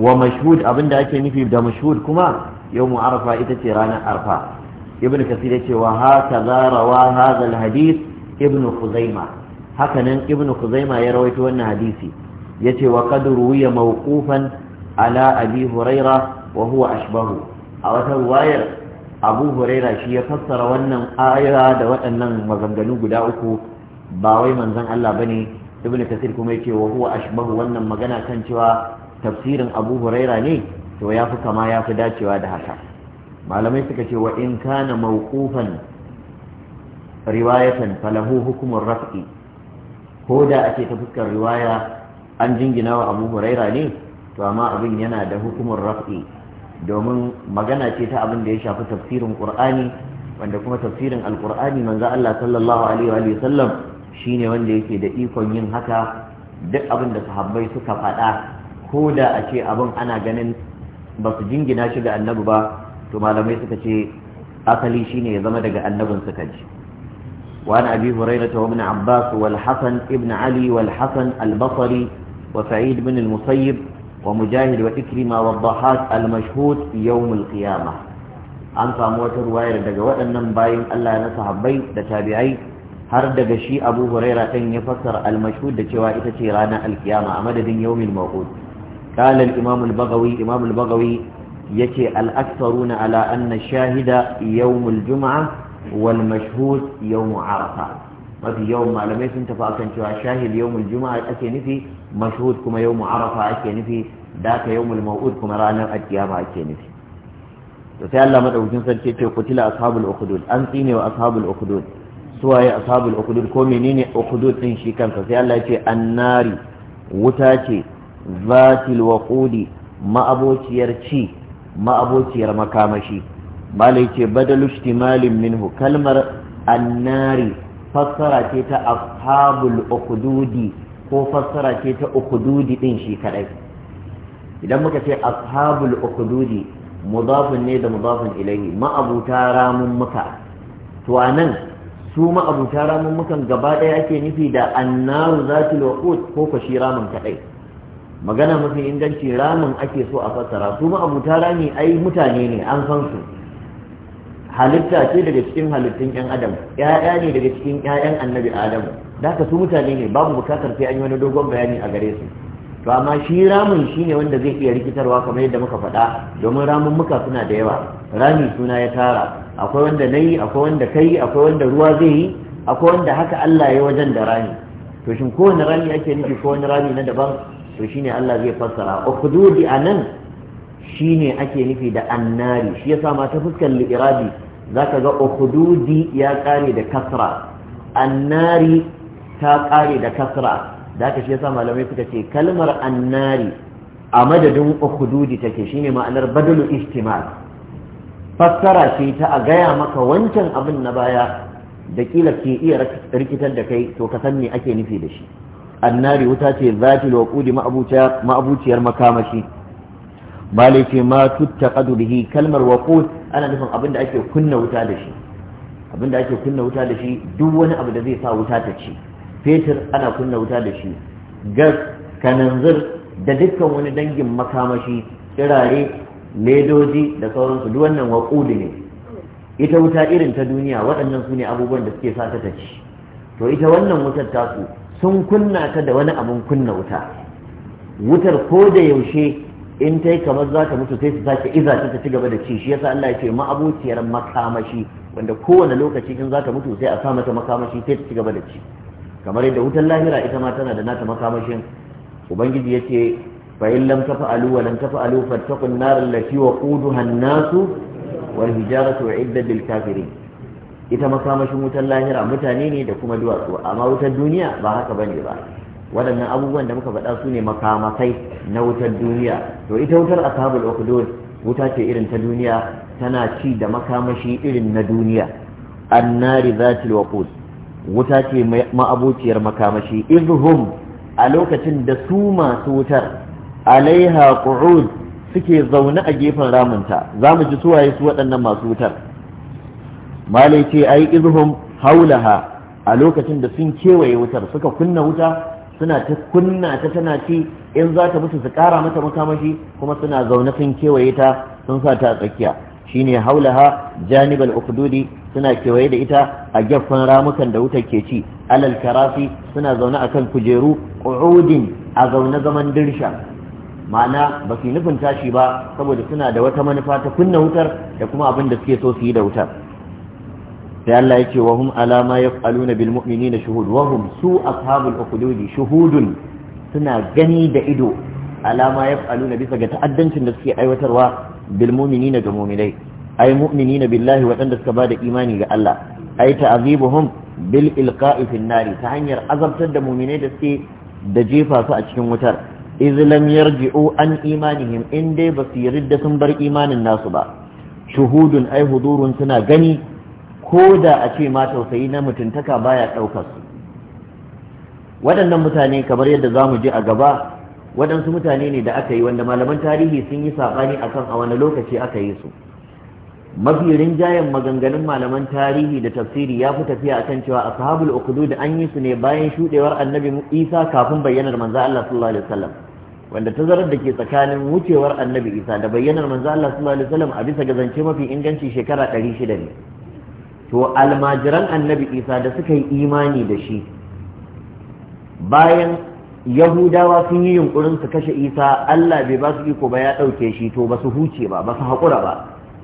wa mashhud abinda ake nufi da mashhud kuma yawmu arafa ita ce ranar arfa ibn kasir ya ce wa haka za rawa hadha alhadith ibn khuzaima hakanan ibn khuzaima ya rawaito wannan hadisi yace wa qad ruwiya mawqufan ala abi huraira wa huwa ashbahu a wata riwayar abu huraira shi ya fassara wannan aya da waɗannan maganganu guda uku ba wai manzon Allah bane ibnu kasir kuma yake wa huwa ashbahu wannan magana kan cewa tafsirin abu huraira ne to ya fi kama ya fi dacewa da haka malamai suka ce wa in kana mawqufan riwayatan falahu hukumur raf'i ko da ake ta fuskar riwaya an jingina wa abu huraira ne to amma abin yana da hukumar raf'i domin magana ce ta abin da ya shafi tafsirin ƙur'ani wanda kuma tafsirin alkur'ani manzo Allah sallallahu alaihi wa sallam shine wanda yake da ikon yin haka duk abin da sahabbai suka faɗa ko da a ce abin ana ganin ba su jingina shi ga annabi ba to malamai suka ce asali shine ya zama daga annabin suka ji وعن أبي هريرة وابن عباس والحسن ابن علي والحسن wa وسعيد بن musayyid. ومجاهد وإكرمة والضحاك المشهود يوم القيامة an samu wata ruwayar daga waɗannan bayan Allah na sahabbai da tabi'ai har daga shi Abu Huraira ɗin ya fassara al-mashhud da cewa ita ce ranar alkiyama a madadin yawmin mawqut qala al-imam al-baghawi imam al-baghawi yace al-aktharuna ala anna shahida yawm al-jum'a wal mashhud yawm arafa mafi yawan malamai sun tafi akan cewa shahid yawmul juma'a ake nufi mashhud kuma yawmul arafa ake nufi daka yawmul maud kuma ranar alkiyama ake nufi to sai Allah madaukakin sarki ce kutila ashabul ukhdud an tsine wa ashabul ukhdud suwaye ashabul ukhdud ko menene ukhdud din shi kansa sai Allah ya ce annari wuta ce zatil waqudi ma'abociyar ci ma'abociyar makamashi malai ce badalu ishtimalin minhu kalmar annari fassara ce ta ashabul ukhdudi ko fassara ce ta ukhdudi din shi kadai idan muka ce ashabul ukhdudi mudafin ne da mudafin ilaihi ma'abuta ramun muka to anan su ma'abuta ramun mukan gaba ɗaya ake nufi da annaru zatul wuqud ko fashi ramun kadai magana mafi inganci ramin ake so a fassara su ma'abuta rami ai mutane ne an san su halitta ce daga cikin halittun yan adam ƴaƴa ne daga cikin ƴaƴan annabi adam da haka su mutane ne babu bukatar sai an yi wani dogon bayani a gare su to amma shi ramin shine wanda zai iya rikitarwa kamar yadda muka faɗa domin ramin muka suna da yawa rami suna ya tara akwai wanda nayi akwai wanda kai akwai wanda ruwa zai yi akwai wanda haka Allah ya wajen da rami to shin kowane rami ake nufi ko wani rami na daban to shine Allah zai fassara a anan shine ake nufi da annari shi yasa ma ta fuskar li'irabi Za ka ga uhududi ya ƙare da kasra annari ta ƙare da kasra da ka shi yasa malamai suka ce kalmar annari a madadin uhududi take shine ma'anar badalu istimal fassara ce ta a gaya maka wancan abin na baya da kila ke iya rikitar da kai to ka san me ake nufi da shi annari wuta ce zatil waqudi ma'abuciyar makamashi malai ce ma da bihi kalmar waqud ana nufin abin ake kunna wuta da shi abinda ake kunna wuta da shi duk wani abu da zai sa wuta ta ci fetur ana kunna wuta da shi gas kananzir da dukkan wani dangin makamashi tsirare ledoji da sauransu duk wannan waqud ne ita wuta irin ta duniya waɗannan su ne abubuwan da suke sa ta ta ci to ita wannan wutar tasu sun kunna ta da wani abun kunna wuta wutar ko da yaushe in ta yi kamar za ta mutu sai su sake iza ta ta ci gaba da ci shi yasa Allah ya ce ma'abuciyar makamashi wanda kowane lokaci in za ta mutu sai a sa mata makamashi sai ta ci gaba da ci kamar yadda wutar lahira ita ma tana da nata makamashin ubangiji ya ce fa in lam tafa'alu wa lam tafa'alu fattaqun nar allati waquduha an-nasu wal hijaratu uiddat lil kafirin ita makamashin wutar lahira mutane ne da kuma duwatsu amma wutar duniya ba haka bane ba waɗannan abubuwan da muka faɗa su ne makamakai na wutar duniya to ita wutar ashabul ukhdud wuta ce irin ta duniya tana ci da makamashi irin na duniya annari zatil waqud wuta ce ma'abociyar makamashi izhum a lokacin da su masu wutar alaiha qu'ud suke zaune a gefen ramunta za mu ji suwaye su waɗannan masu wutar malai ce ai izhum haulaha a lokacin da sun kewaye wutar suka kunna wuta suna ta kunna ta tana ci in za ta mutu su kara mata makamashi kuma suna zaune sun kewaye ta sun sa ta a tsakiya shine haulaha janibal ukududi suna kewaye da ita a gefen ramukan da wutar ke ci alal karafi suna zaune a kan kujeru qu'udin a zaune zaman dirsha ma'ana ba su nufin tashi ba saboda suna da wata manufa ta kunna wutar da kuma abin da suke so su yi da wutar sai Allah yake wa hum alama yaf'aluna bil mu'minina shuhud wa hum su ashabul ukhdudi shuhudun suna gani da ido alama yaf'aluna bisa ga ta'addancin da suke aiwatarwa bil mu'minina ga mu'minai ay mu'minina billahi waɗanda suka bada imani ga Allah ay ta'azibuhum bil ilqa'i fin nari ta hanyar azabtar da mu'minai da suke da jefa su a cikin wutar iz lam yarji'u an imanihim in dai ba su yarda sun bar imanin nasu ba shuhudun ai hudurun suna gani ko da a ce ma tausayi na mutuntaka baya ɗaukar su waɗannan mutane kamar yadda za mu ji a gaba waɗansu mutane ne da aka yi wanda malaman tarihi sun yi saɓani akan a wani lokaci aka yi su mafi rinjayen maganganun malaman tarihi da tafsiri ya fi tafiya akan cewa ashabul da an yi su ne bayan shuɗewar annabi Isa kafin bayyanar manzo Allah sallallahu alaihi wasallam wanda tazarar da ke tsakanin wucewar annabi Isa da bayyanar manzo Allah sallallahu alaihi wasallam a bisa ga zance mafi inganci shekara ɗari shida ne to almajiran annabi isa da suka yi imani da shi bayan yahudawa sun yi yunkurin su kashe isa allah bai ba su iko ba ya ɗauke shi to ba su huce ba ba su haƙura ba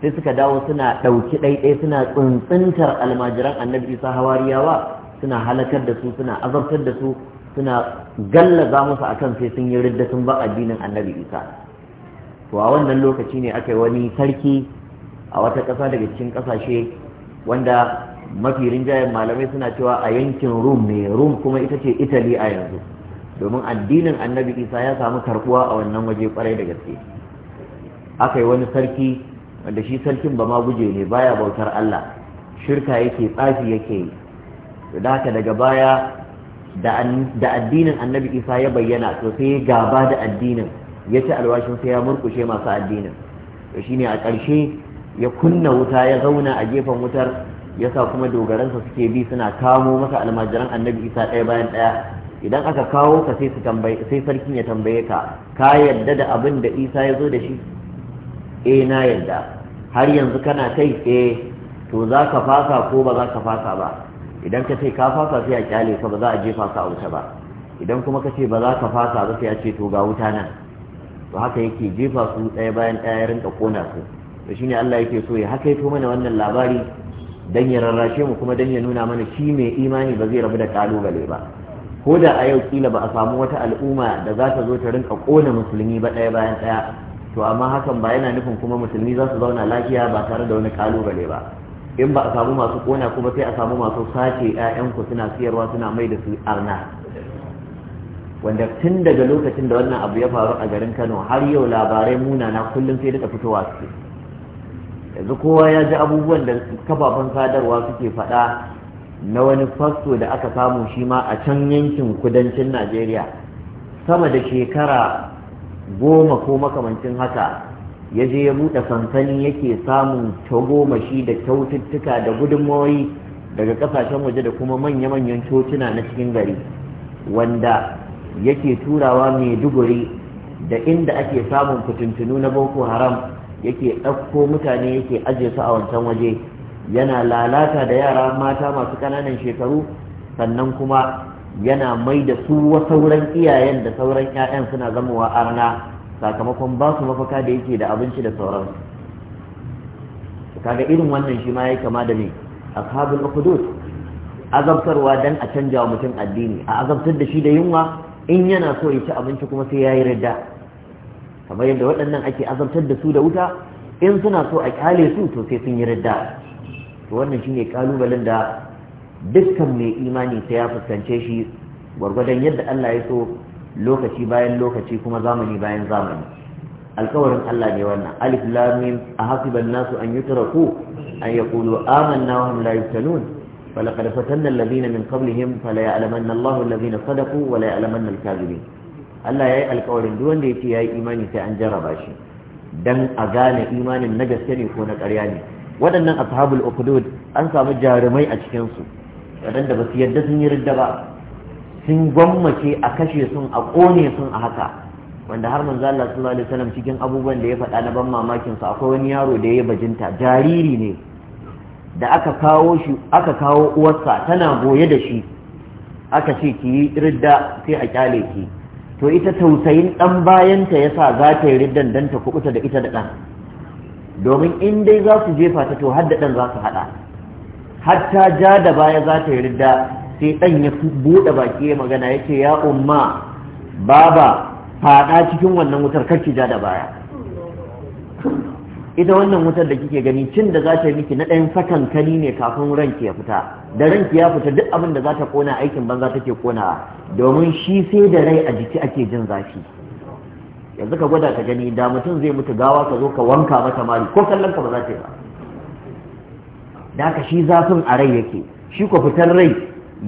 sai suka dawo suna ɗauki ɗaiɗai suna tsuntsuntar almajiran annabi isa hawariyawa suna halakar da su suna azabtar da su suna gallaza musu kan sai sun yi ridda sun ba addinin annabi isa to a wannan lokaci ne aka yi wani sarki a wata ƙasa daga cikin ƙasashe wanda mafi rinjayen malamai suna cewa a yankin rum ne rum kuma ita ce italy a yanzu domin addinin annabi isa ya samu karbuwa a wannan waje kwarai da gaske aka yi wani sarki wanda shi sarkin ba ma guje ne baya bautar allah shirka yake tsafi yake yi da haka daga baya da addinin annabi isa ya bayyana to sai ya gaba da addinin ya ci alwashin sai ya murkushe masu addinin to shine a ƙarshe ya kunna wuta ya zauna a gefen wutar yasa kuma dogaransa suke bi suna kamo masa almajiran annabi isa ɗaya bayan ɗaya idan aka kawo ka sai su tambaye sai sarkin ya tambaye ka ka yadda da abin da isa ya zo da shi eh na yadda har yanzu kana kai eh to za ka fasa ko ba za ka fasa ba idan ka ce ka fasa sai a kyale ka ba za a jefa ka a wuta ba idan kuma ka ce ba za ka fasa ba sai a ce to ga wuta nan to haka yake jefa su ɗaya bayan ɗaya ya rinka kona su da shine Allah yake so ya haka yato mana wannan labari dan ya rarrashe mu kuma dan ya nuna mana shi mai imani ba zai rabu da kalubale ba ko da a yau kila ba a samu wata al'umma da za ta zo ta rinka kona musulmi ba ɗaya bayan ɗaya to amma hakan ba yana nufin kuma musulmi za su zauna lafiya ba tare da wani kalubale ba in ba a samu masu kona kuma sai a samu masu sace ƴaƴanku suna siyarwa suna mai da su arna wanda tun daga lokacin da wannan abu ya faru a garin kano har yau labarai munana kullum sai duka fitowa su yanzu kowa ya ji abubuwan da kafafen sadarwa suke faɗa na wani fasto da aka samu shi ma a can yankin kudancin najeriya sama da shekara goma ko makamancin haka ya je ya buɗe sansani yake samun tagomashi da kyaututtuka da gudunmawoyi daga kasashen waje da kuma manya-manyan cocina na cikin gari wanda yake turawa mai duguri da inda ake samun fitintunu na boko haram yake ɗauko mutane yake ajiye su a wancan waje yana lalata da yara mata masu ƙananan shekaru sannan kuma yana mai da su sauran iyayen da sauran 'ya'yan suna zamowa arna sakamakon ba su mafaka da yake da abinci da sauran kaga irin wannan shi ma ya kama da me ashabul ukhdud azabtarwa dan a canja wa mutum addini a azabtar da shi da yunwa in yana so ya ci abinci kuma sai ya yi ridda kamar yadda waɗannan ake azabtar da su da wuta in suna so a kyale su to sai sun yi radda to wannan shine kalubalen da dukkan mai imani sai ya fuskance shi gwargwadon yadda Allah ya so lokaci bayan lokaci kuma zamani bayan zamani alkawarin Allah ne wannan alif lam mim ahasiban nasu an yutraku an yaqulu amanna wa hum la yuftanun فلقد فتنا الذين من قبلهم فلا يعلمن الله الذين صدقوا ولا يعلمن الكاذبين Allah ya yi alkawarin duk wanda ya ce ya yi imani sai an jarraba shi dan a gane imanin na gaske ne ko na ƙarya ne waɗannan ashabul ukhdud an samu jarumai a cikin su waɗanda ba su yadda sun yi ridda ba sun gwammace a kashe sun a ƙone sun a haka wanda har manzo Allah sallallahu alaihi wasallam cikin abubuwan da ya faɗa na ban mamakin su akwai wani yaro da ya bajinta jariri ne da aka kawo shi aka kawo uwarsa tana goye da shi aka ce ki yi ridda sai a kyale ki to ita tausayin ɗan bayanta ya sa za ta yi riddan dan ta kubuta da ita da ɗan domin in dai za su jefa ta to har da ɗan za su haɗa hatta ja da baya za ta yi ridda sai ɗan ya buɗe baki ya magana ya ce ya umma baba faɗa cikin wannan wutar karki ja da baya ita wannan wutar da kike gani cin da za ta yi miki na ɗayan sakan kani ne kafin ranki ya fita da ranki ya fita duk abin da za ta kona aikin banza take kona domin shi sai da rai a jiki ake jin zafi yanzu ka gwada ka gani da mutum zai mutu gawa ka zo ka wanka mata mari ko kallon ka ba za ta yi ba da haka shi zafin a rai yake shi ko fitar rai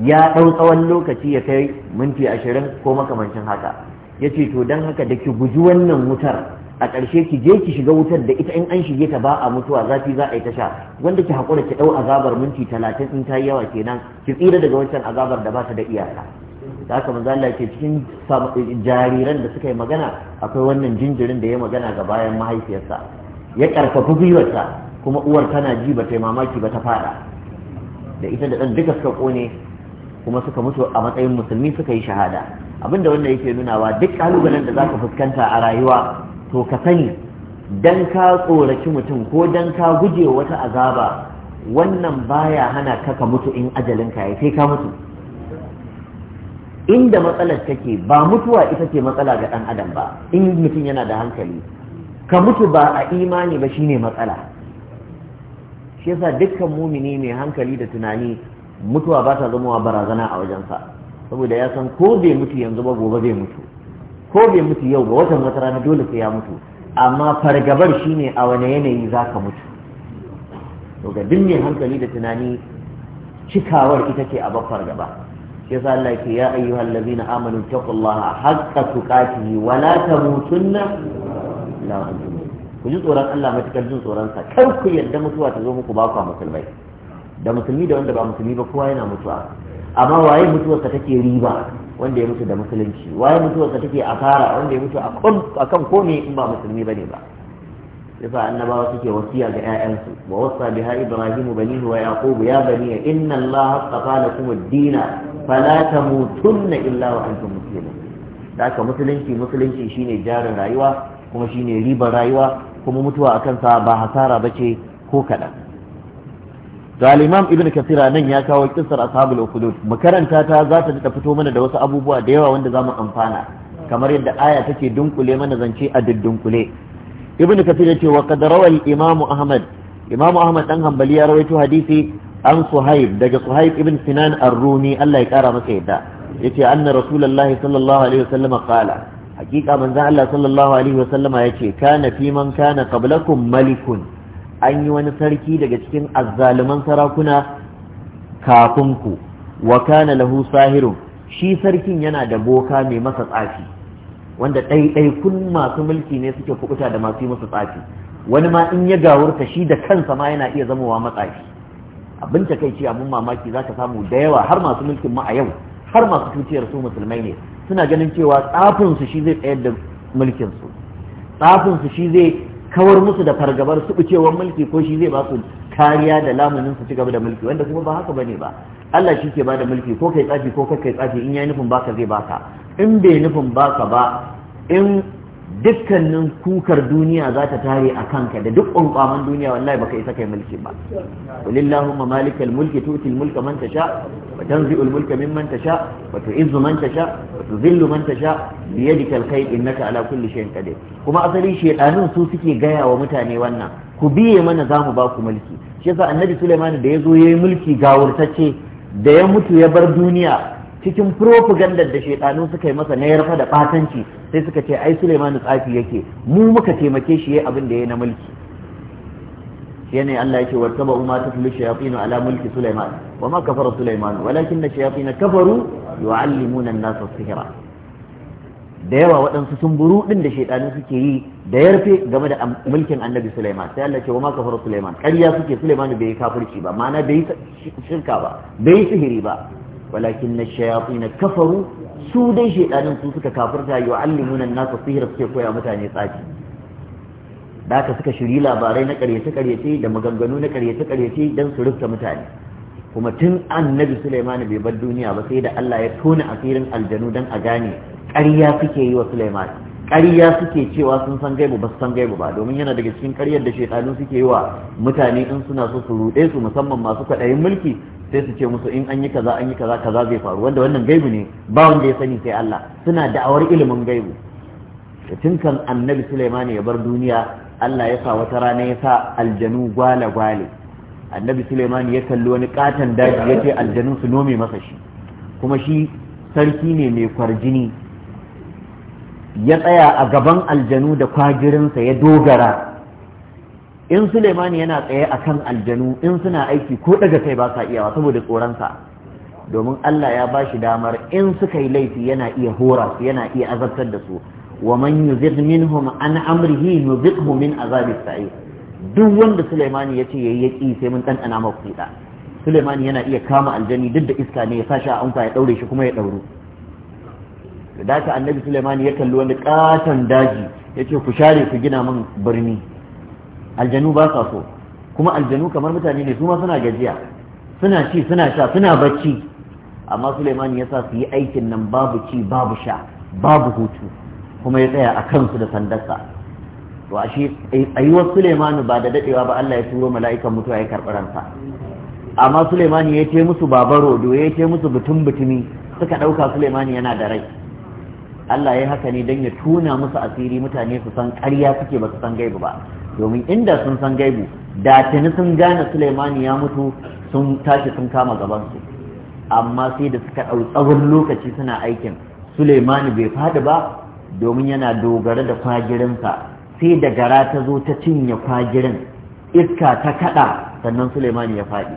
ya dau tsawon lokaci ya kai minti ashirin ko makamancin haka yace to don haka da ki guji wannan wutar a ƙarshe ki je ki shiga wutar da ita in an shige ta ba a mutuwa zafi za a yi tasha wanda ki haƙura ki ɗau azabar minti talatin in ta yi yawa kenan ki tsira daga wancan azabar da ba ta da iyaka da haka manzo Allah ke cikin jariran da suka yi magana akwai wannan jinjirin da ya magana ga bayan mahaifiyarsa ya karfafi gwiwarsa kuma uwar tana ji ba ta mamaki ba ta fara da ita da ɗan duka suka kone kuma suka mutu a matsayin musulmi suka yi shahada abinda wannan yake nunawa duk ƙalubalen da za ka fuskanta a rayuwa to ka sani dan ka tsoraki mutum ko dan ka guje wata azaba wannan baya hana ka ka mutu in ajalinka ya sai ka mutu inda matsalar take ba mutuwa ita ce matsala ga ɗan adam ba in mutum yana da hankali ka mutu ba a imani ba shine matsala shi yasa dukkan mumini mai hankali da tunani mutuwa ba ta zama barazana a wajensa saboda ya san ko bai mutu yanzu ba gobe zai mutu ko bai mutu yau ba watan wata rana dole sai ya mutu amma fargabar shine a wane yanayi za ka mutu to ga duk mai hankali da tunani cikawar ita ce a bakwar gaba shi yasa Allah ke ya ayyuhal ladzina amanu taqullaha haqqa tuqatihi wa la tamutunna illa antum ku ji tsoron Allah matukar jin tsoron sa kar ku yarda mutuwa ta zo muku ba ku musulmai da musulmi da wanda ba musulmi ba kowa yana mutuwa amma waye mutuwarsa take riba wanda ya mutu da musulunci waye mutuwarsa take a fara wanda ya mutu a kan komai in ba musulmi ba ne ba yasa annabawa suke wasiya ga 'ya'yansu wa wasa biha ibrahimu banihi wa yaqub ya bani inna allaha astafa lakum ad-dina fala tamutunna illa wa antum muslimun da aka musulunci musulunci shine jarin rayuwa kuma shine ribar rayuwa kuma mutuwa akan sa ba hasara bace ko kaɗan to al-imam ibn nan ya kawo kisar ashabul ukhdud mu karanta ta za ta da fito mana da wasu abubuwa da yawa wanda zamu amfana kamar yadda aya take dunkule mana zance a dunkule ibn kasir yace wa qad imam ahmad imam ahmad dan hanbali ya rawaito hadisi an suhaib daga suhaib ibn sinan ar-rumi Allah ya kara masa yadda yace anna rasulullah sallallahu alaihi wasallam qala hakika manzo Allah sallallahu alaihi wasallama yace kana fi man kana qablakum malikun an yi wani sarki daga cikin azzaluman sarakuna kafin ku wa kana lahu sahirun shi sarkin yana da boka mai masa tsafi wanda kun masu mulki ne suke kubuta da masu yi masa tsafi wani ma in ya gawurta shi da kansa ma yana iya zamowa matsafi abin ce abin mamaki za ka samu da yawa har masu mulkin ma a yau har masu cuciyar su musulmai ne suna ganin cewa tsafinsu shi zai tsayar da mulkinsu tsafinsu shi zai kawar musu da fargabar su bucewar mulki ko shi zai ba su kariya da lamunin su ci gaba da mulki wanda kuma ba haka bane ba Allah shi ke ba da mulki ko kai tsafi ko kai tsafi in yi nufin baka zai baka in bai nufin baka ba in dukkanin kukar duniya za ta tare a kanka da duk ƙwanƙwaman duniya wallahi baka isa kai mulki ba walillahumma malikal mulki tuti mulka man tasha wa tanzi'ul mulka mimman tasha wa tu'izzu man tasha wa tuzillu man tasha bi yadikal kai innaka ala kulli shay'in qadir kuma asali shedanin su suke gaya wa mutane wannan ku biye mana zamu baku ku mulki shi yasa annabi Sulaiman da ya ya yayi mulki gawurtacce da ya mutu ya bar duniya cikin propaganda da shedanu suka yi masa na yarfa da batanci sai suka ce ai Sulaiman tsafi yake mu muka taimake shi yayi abin da yayi na mulki shine Allah ya ce yake wattaba ma tatlu shayatin ala mulki Sulaiman wa ma kafara Sulaiman walakin na shayatin kafaru yuallimuna an-nas as-sihra da yawa waɗansu sun buru ɗin da shaiɗanu suke yi da yarfe game da mulkin annabi Sulaiman sai Allah ce wa ma kafara Sulaiman ƙarya suke Sulaiman bai yi kafirci ba ma'ana bai yi shirka ba bai yi sihiri ba walakin na shayatin kafaru su dai shedanin su suka kafirta yu'allimuna nan nasa sihra suke koya mutane tsaki. da aka suka shiri labarai na karyace-karyace da maganganu na karyace-karyace don su rufta mutane kuma tun annabi Suleiman bai bar duniya ba sai da Allah ya tona asirin aljanu don a gane ƙarya suke yi wa Sulaiman ƙarya suke cewa sun san gaibu ba san gaibu ba domin yana daga cikin ƙaryar da shekaru suke yi wa mutane in suna so su ruɗe su musamman masu kwaɗayin mulki sai su ce musu in an yi kaza an yi kaza kaza zai faru wanda wannan gaibu ne ba wanda ya sani sai Allah suna da'awar ilimin gaibu da tun kan annabi Sulaimani ya bar duniya Allah ya sa wata rana ya sa aljanu gwale gwale annabi Sulaimani ya kalli wani katon daji ya ce aljanu su nome masa shi kuma shi sarki ne mai kwarjini ya tsaya a gaban aljanu da kwagirinsa ya dogara in Suleimani yana tsaye a kan aljanu in suna aiki ko daga kai ba sa iyawa saboda tsoronsa domin Allah ya ba shi damar in suka yi laifi yana iya hora su yana iya azabtar da su wa man yuzid minhum an amrihi nuzidhu min azabis sa'ir duk wanda Suleimani yace yayi yaki sai mun ana maku fida Suleimani yana iya kama aljani duk da iska ne ya shi a anka ya daure shi kuma ya dauro da daka annabi suleiman ya kalli wani katon daji yace ku share ku gina min birni aljanu ba sa so kuma aljanu kamar mutane ne su ma suna gajiya suna ci suna sha suna bacci amma suleiman ya sa su yi aikin nan babu ci babu sha babu hutu kuma ya tsaya a kansu da sandarsa to ashe ayuwar suleimanu ba da dadewa ba Allah ya turo mala'ikan mutuwa ya karɓi ransa amma Suleiman ya ce musu baba rodo ya ce musu butun butumi suka ɗauka Suleiman yana da rai Allah ya haka ne don ya tuna musu asiri mutane su san ƙarya suke ba su san gaibu ba domin inda sun san gaibu da tuni sun gane sulaimani ya mutu sun tashi sun kama gabansu amma sai da suka ɗau tsawon lokaci suna aikin sulaimani bai faɗi ba domin yana dogara da kwagirinsa sai da gara ta zo ta cinye kwagirin iska ta kaɗa sannan sulaimani ya faɗi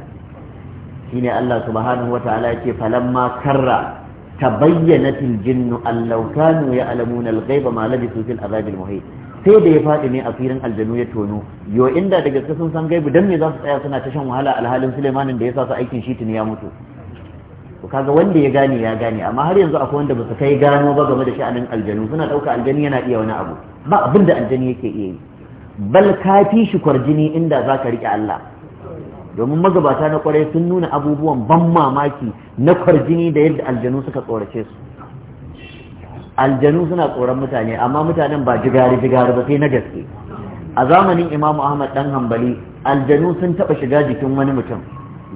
shine Allah subhanahu wa ta'ala yake falamma karra tabayyanatil jinnu allau kanu ya'lamuna al-ghaiba ma labisu fil azabil muhit sai da ya faɗi ne a firin aljanu ya tono yo inda daga gaske sun san gaibu dan me za su tsaya suna ta shan wahala alhalin Sulaimanin da ya sa su aikin shi tuni ya mutu Ku kaga wanda ya gane ya gane amma har yanzu akwai wanda ba su kai gano ba game da sha'anin aljanu suna ɗauka aljani yana iya wani abu ba abin da aljani yake iya yi bal ka fi shi kwarjini inda za ka riƙe Allah domin magabata na kwarai sun nuna abubuwan ban mamaki na kwarjini da yadda aljanu suka tsorace su aljanu suna tsoron mutane amma mutanen ba jigari jigari ba sai na gaske a zamanin imamu ahmad dan hambali aljanu sun taba shiga jikin wani mutum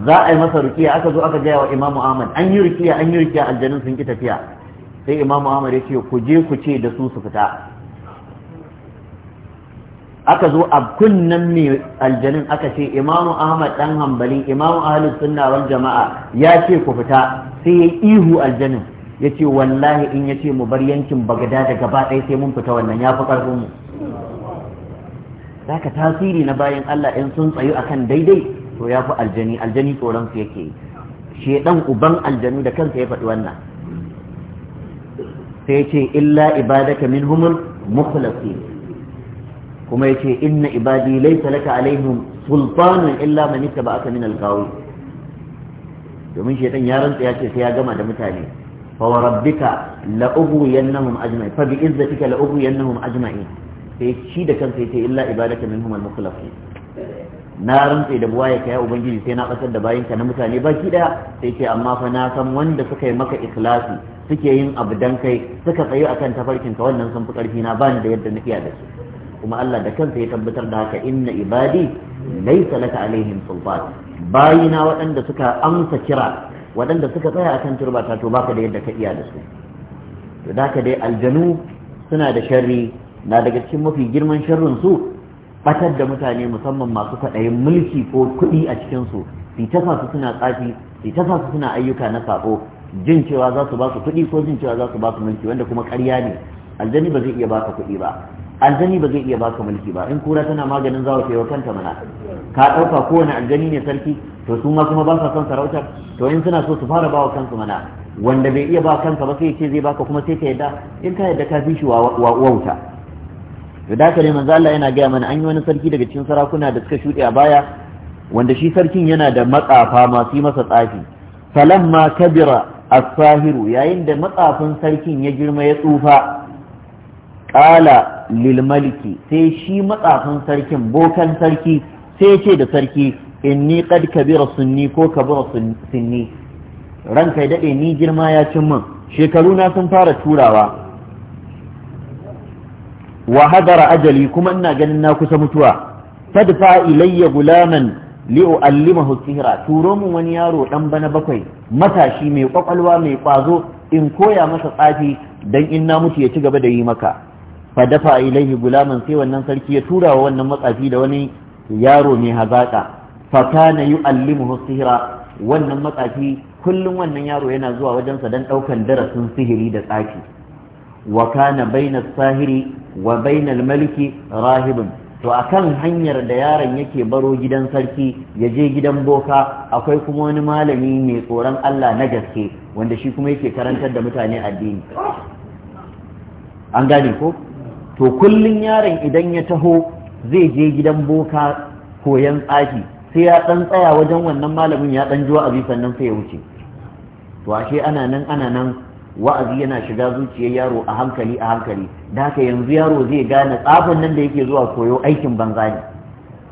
za a yi masa rukiya aka zo aka gaya wa imamu ahmad an yi rukiya an yi rukiya aljanun sun ki tafiya sai imamu ahmad ya ce ku je ku ce da su su fita aka zo a kunnen mai aljanin aka ce imamu ahmad dan hambali imamu ahlus sunna wal jama'a ya ce ku fita sai ya ihu aljanin yace wallahi in yace mu bar yankin bagada da gaba ɗaya sai mun fita wannan ya fi ƙarfinmu za ka tasiri na bayan Allah in sun tsayu akan daidai to ya fi aljani aljani tsoron su yake shedan uban aljanu da kansa ya faɗi wannan sai ce illa ibadaka minhumul mukulasi kuma yace inna ibadi laysa laka alaihim sultanun illa ba aka min alqawi domin shedan ya rantsa yace sai ya gama da mutane فوربك لأغوينهم أجمعين فبإذتك لأغوينهم أجمعين shi da kansa yace illa ibadaka minhum al na rantse da buwaye ka ya ubangiji sai na kasar da bayanka na mutane baki daya sai ce amma fa na san wanda suka yi maka ikhlasi suke yin abu dan kai suka tsayu akan tafarkin ka wannan sun fi karfi na bani da yadda na iya da su kuma Allah da kansa ya tabbatar da haka inna ibadi laysa laka alaihim sultan bayina waɗanda suka amsa kira waɗanda suka tsaya a akan turbata to baka da yadda ka iya da su to da dai aljanu suna da sharri na daga cikin mafi girman sharrin su batar da mutane musamman masu kwaɗayin mulki ko kuɗi a cikin su su ta su suna tsafi su ta su suna ayyuka na sako jin cewa za su ba su kuɗi ko jin cewa za su ba su mulki wanda kuma ƙarya ne aljanu ba zai iya baka kuɗi ba aljani ba zai iya baka mulki ba in kura tana maganin zawo kai kanta mana ka dauka kowane aljani ne sarki to su ma kuma ba son sarautar to in suna so su fara bawa kansu mana wanda bai iya ba kansa ba sai ce zai baka kuma sai ka yadda in ka yadda ka fi shi wa wauta to da haka ne manzo Allah yana gaya mana an yi wani sarki daga cikin sarakuna da suka shuɗe a baya wanda shi sarkin yana da matsafa masu yi masa tsafi falamma kabira as-sahiru yayin da matsafin sarkin ya girma ya tsufa qala lilmaliki sai shi matsafin sarkin bokan sarki sai ce da sarki ni qad kabira sunni ko kabira sunni ranka daɗe ni girma ya cin min shekaru na sun fara turawa wa hadara ajali kuma ina ganin na kusa mutuwa fadfa ilayya gulaman li uallimahu sihra turo mun wani yaro dan bana bakwai matashi mai kwakwalwa mai kwazo in koya masa tsafi dan in na mutu ya ci gaba da yi maka fa dafa ilaihi gulaman sai wannan sarki ya tura wa wannan matsafi da wani yaro mai hazaka fa kana yu'allimuhu sihra wannan matsafi kullum wannan yaro yana zuwa wajensa dan daukan darasin sihiri da tsafi wa kana baina sahiri wa baina maliki rahibun to akan hanyar da yaron yake baro gidan sarki ya je gidan boka akwai kuma wani malami mai tsoron Allah na gaske wanda shi kuma yake karantar da mutane addini an gane ko to kullum yaron idan ya taho zai je gidan boka koyan tsafi sai ya tsantsaya tsaya wajen wannan malamin ya dan jiwa wa'azi sannan sai ya wuce to ashe ana nan ana nan wa'azi yana shiga zuciyar yaro a hankali a hankali da haka yanzu yaro zai gane tsafin nan da yake zuwa koyo aikin banza ne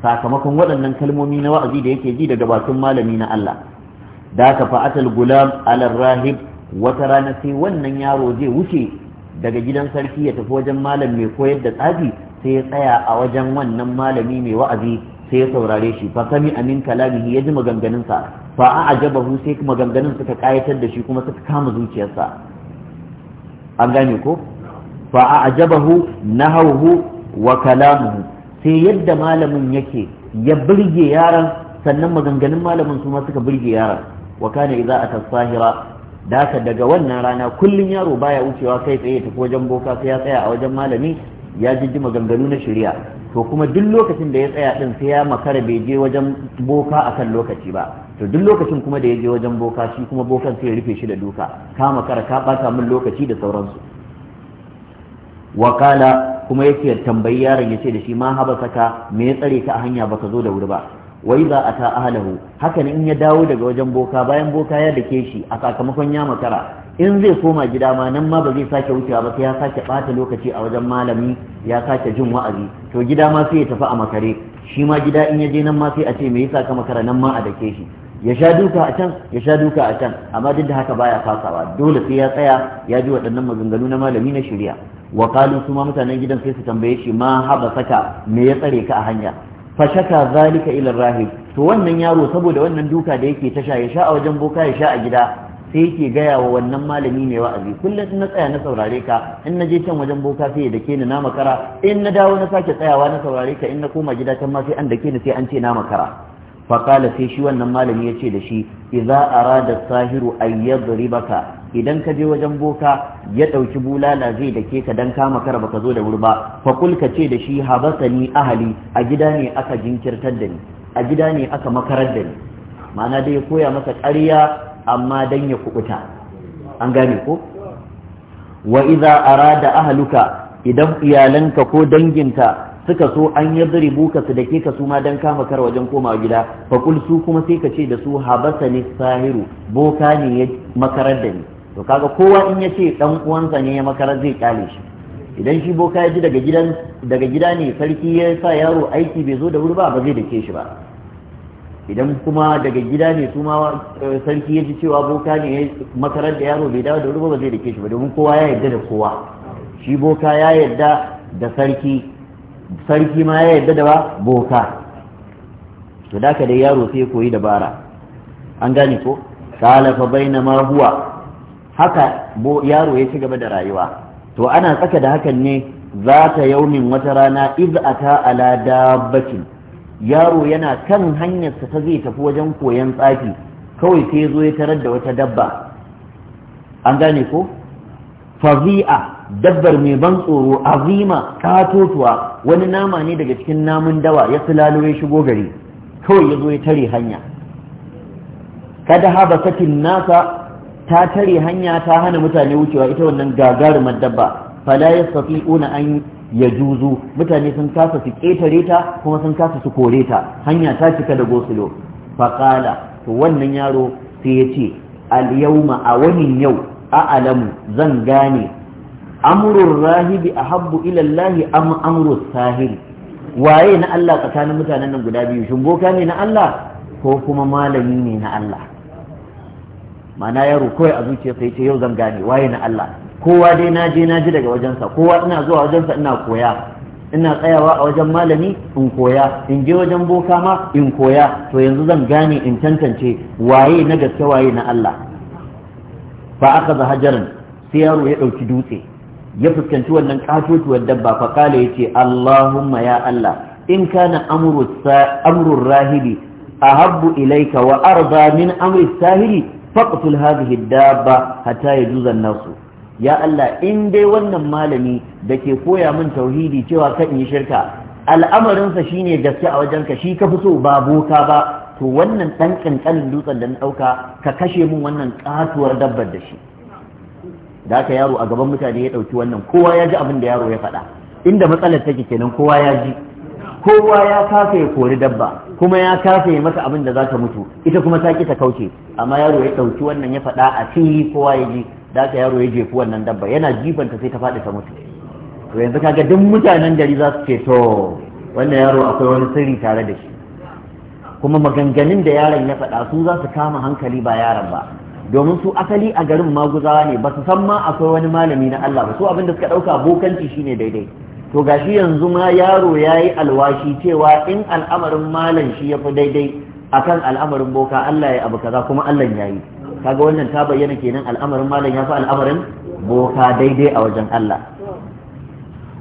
sakamakon waɗannan kalmomi na wa'azi da yake ji daga bakin malami na Allah da haka fa'atul gulam alal rahib wata rana sai wannan yaro zai wuce daga gidan sarki ya tafi wajen malam mai koyar da tsafi sai ya tsaya a wajen wannan malami mai wa'azi sai ya saurare shi fa sami amin kalamihi ya ji maganganunsa fa a ajabahu sai maganganun suka kayatar da shi kuma suka kama zuciyarsa an gane ko fa a ajabahu nahawhu wa kalamuhu sai yadda malamin yake ya burge yaran sannan maganganun malamin su ma suka burge yaran wa kana idza ata sahira da daga wannan rana kullum yaro baya wucewa kai tsaye ta wajen boka sai ya tsaya a wajen malami ya jijji maganganu na shari'a to kuma duk lokacin da ya tsaya din sai ya makara bai je wajen boka akan lokaci ba to duk lokacin kuma da ya je wajen boka shi kuma bokan sai ya rufe shi da duka ka makara ka bata min lokaci da sauransu wakala kuma yake tambayi yaron ya ce da shi ma haba saka me ya tsare ka a hanya baka zo da wuri ba wai za a ahlahu hakan haka in ya dawo daga wajen boka bayan boka ya dake shi a sakamakon ya makara in zai koma gida ma nan ma ba zai sake wucewa ba sai ya sake bata lokaci a wajen malami ya sake jin wa'azi to gida ma sai ya tafi a makare shi ma gida in ya je nan ma sai a ce me yasa ka makara nan ma a dake shi ya sha duka a can ya sha duka a can amma duk da haka baya fasawa dole sai ya tsaya ya ji waɗannan maganganu na malami na shirya wa kalu su ma mutanen gidan sai su tambaye shi ma haba saka me ya tsare ka a hanya fashaka zalika ila rahib to wannan yaro saboda wannan duka da yake sha, ya sha a wajen boka ya sha a gida sai yake gaya wa wannan malami mai wa'azi kullum in na tsaya na saurare ka in na je can wajen boka sai ya dake ni na makara in na dawo na sake tsayawa na saurare ka in na koma gida can ma sai an dake ni sai an ce na makara fa sai shi wannan malami ya ce da shi idza arada sahiru ay yadribaka idan ka je wajen boka ya ɗauki bulala zai da ke ka dan kama kara baka zo da wuri ba fa ka ce da shi habasani ahali a gida ne aka jinkirtar da ni a gida ne aka makarar da ni ma'ana dai ya koya masa ƙarya amma dan ya kubuta an gane ko wa ara arada ahaluka idan iyalanka ko danginka suka so an yi zuribu ka su da ke ka su ma don kama kar wajen komawa gida fakul su kuma sai ka ce da su habasa ne sahiru boka ne ya makarar da ni to kaga kowa in yace dan uwansa ne ya makara zai kyale shi idan shi boka ya ji daga gidan daga gida ne sarki ya sa yaro aiki bai zo da wuri ba ba zai dake shi ba idan kuma daga gida ne su ma eh, sarki ya ji cewa boka ne ya makarar da yaro bai dawo da wuri ba zai dake shi ba domin kowa ya yarda da kowa shi boka ya yarda da sarki sarki ma ya yarda da ba boka to da ka dai yaro sai koyi dabara an gane ko kala fa bainama huwa haka yaro ya ci gaba da rayuwa to ana tsaka da hakan ne za ta yaumin wata rana iz ata ala dabbatin yaro yana kan hanyarsa ta zai tafi wajen koyan tsafi kawai sai zo ya tarar da wata dabba an gane ko fazi'a dabbar mai ban tsoro azima katotuwa wani nama ne daga cikin namun dawa ya sulalo ya shigo gari kawai ya zo ya tare hanya kada haba sakin nasa ta tare hanya ta hana mutane wucewa ita wannan gagarumar dabba fala yastati'una an yajuzu mutane sun kasa su ketare ta kuma sun kasa su kore ta hanya ta cika da gosulo faqala to wannan yaro sai ya ce al yawma a wani yau a alamu zan gane amru rahibi ahabbu ila Allah am amrus sahil waye na Allah tsakanin mutanen nan guda biyu shin boka ne na Allah ko kuma malami ne na Allah ma'ana yaro kawai a zuciya ya ce yau zan gane waye na Allah kowa dai na je na ji daga wajensa kowa ina zuwa wajensa ina koya ina tsayawa a wajen malami in koya in je wajen boka ma in koya to yanzu zan gane in tantance waye na gaske waye na Allah fa aka za hajarin sai yaro ya ɗauki dutse ya fuskanci wannan katotuwar dabba fa kala ya ce Allahumma ya Allah in kana amru amrur rahibi ahabbu ilaika wa arda min amri sahili faqtul hadhihi dabba hatta yajuza nasu ya Allah in dai wannan malami da ke koya min tauhidi cewa kan yi shirka al'amarinsa shine gaske a wajen ka shi ka fito ba boka ba to wannan dan kankanin dutsen da na ɗauka ka kashe min wannan katuwar dabbar da shi da aka yaro a gaban mutane ya ɗauki wannan kowa ya ji abin da yaro ya faɗa inda matsalar take kenan kowa ya ji kowa ya kasa ya kori dabba kuma ya kasa ya mata abin da za ta mutu ita kuma ta ki ta kauce amma yaro ya ɗauki wannan ya faɗa a fili kowa ya ji da ka yaro ya jefi wannan dabba yana jibanta sai ta faɗi ta mutu to yanzu kaga duk mutanen gari za su ce to wannan yaro akwai wani sirri tare da shi kuma maganganun da yaron ya faɗa su za su kama hankali ba yaron ba domin su asali a garin maguzawa ne ba su san ma akwai wani malami na Allah ba su abin da suka ɗauka bokanci shine daidai to gashi yanzu ma yaro ya yi alwashi cewa in al'amarin malam shi ya fi daidai akan al'amarin boka Allah ya abu kaza kuma Allah ya yi kaga wannan ta bayyana kenan al'amarin malam ya fi al'amarin boka daidai a wajen Allah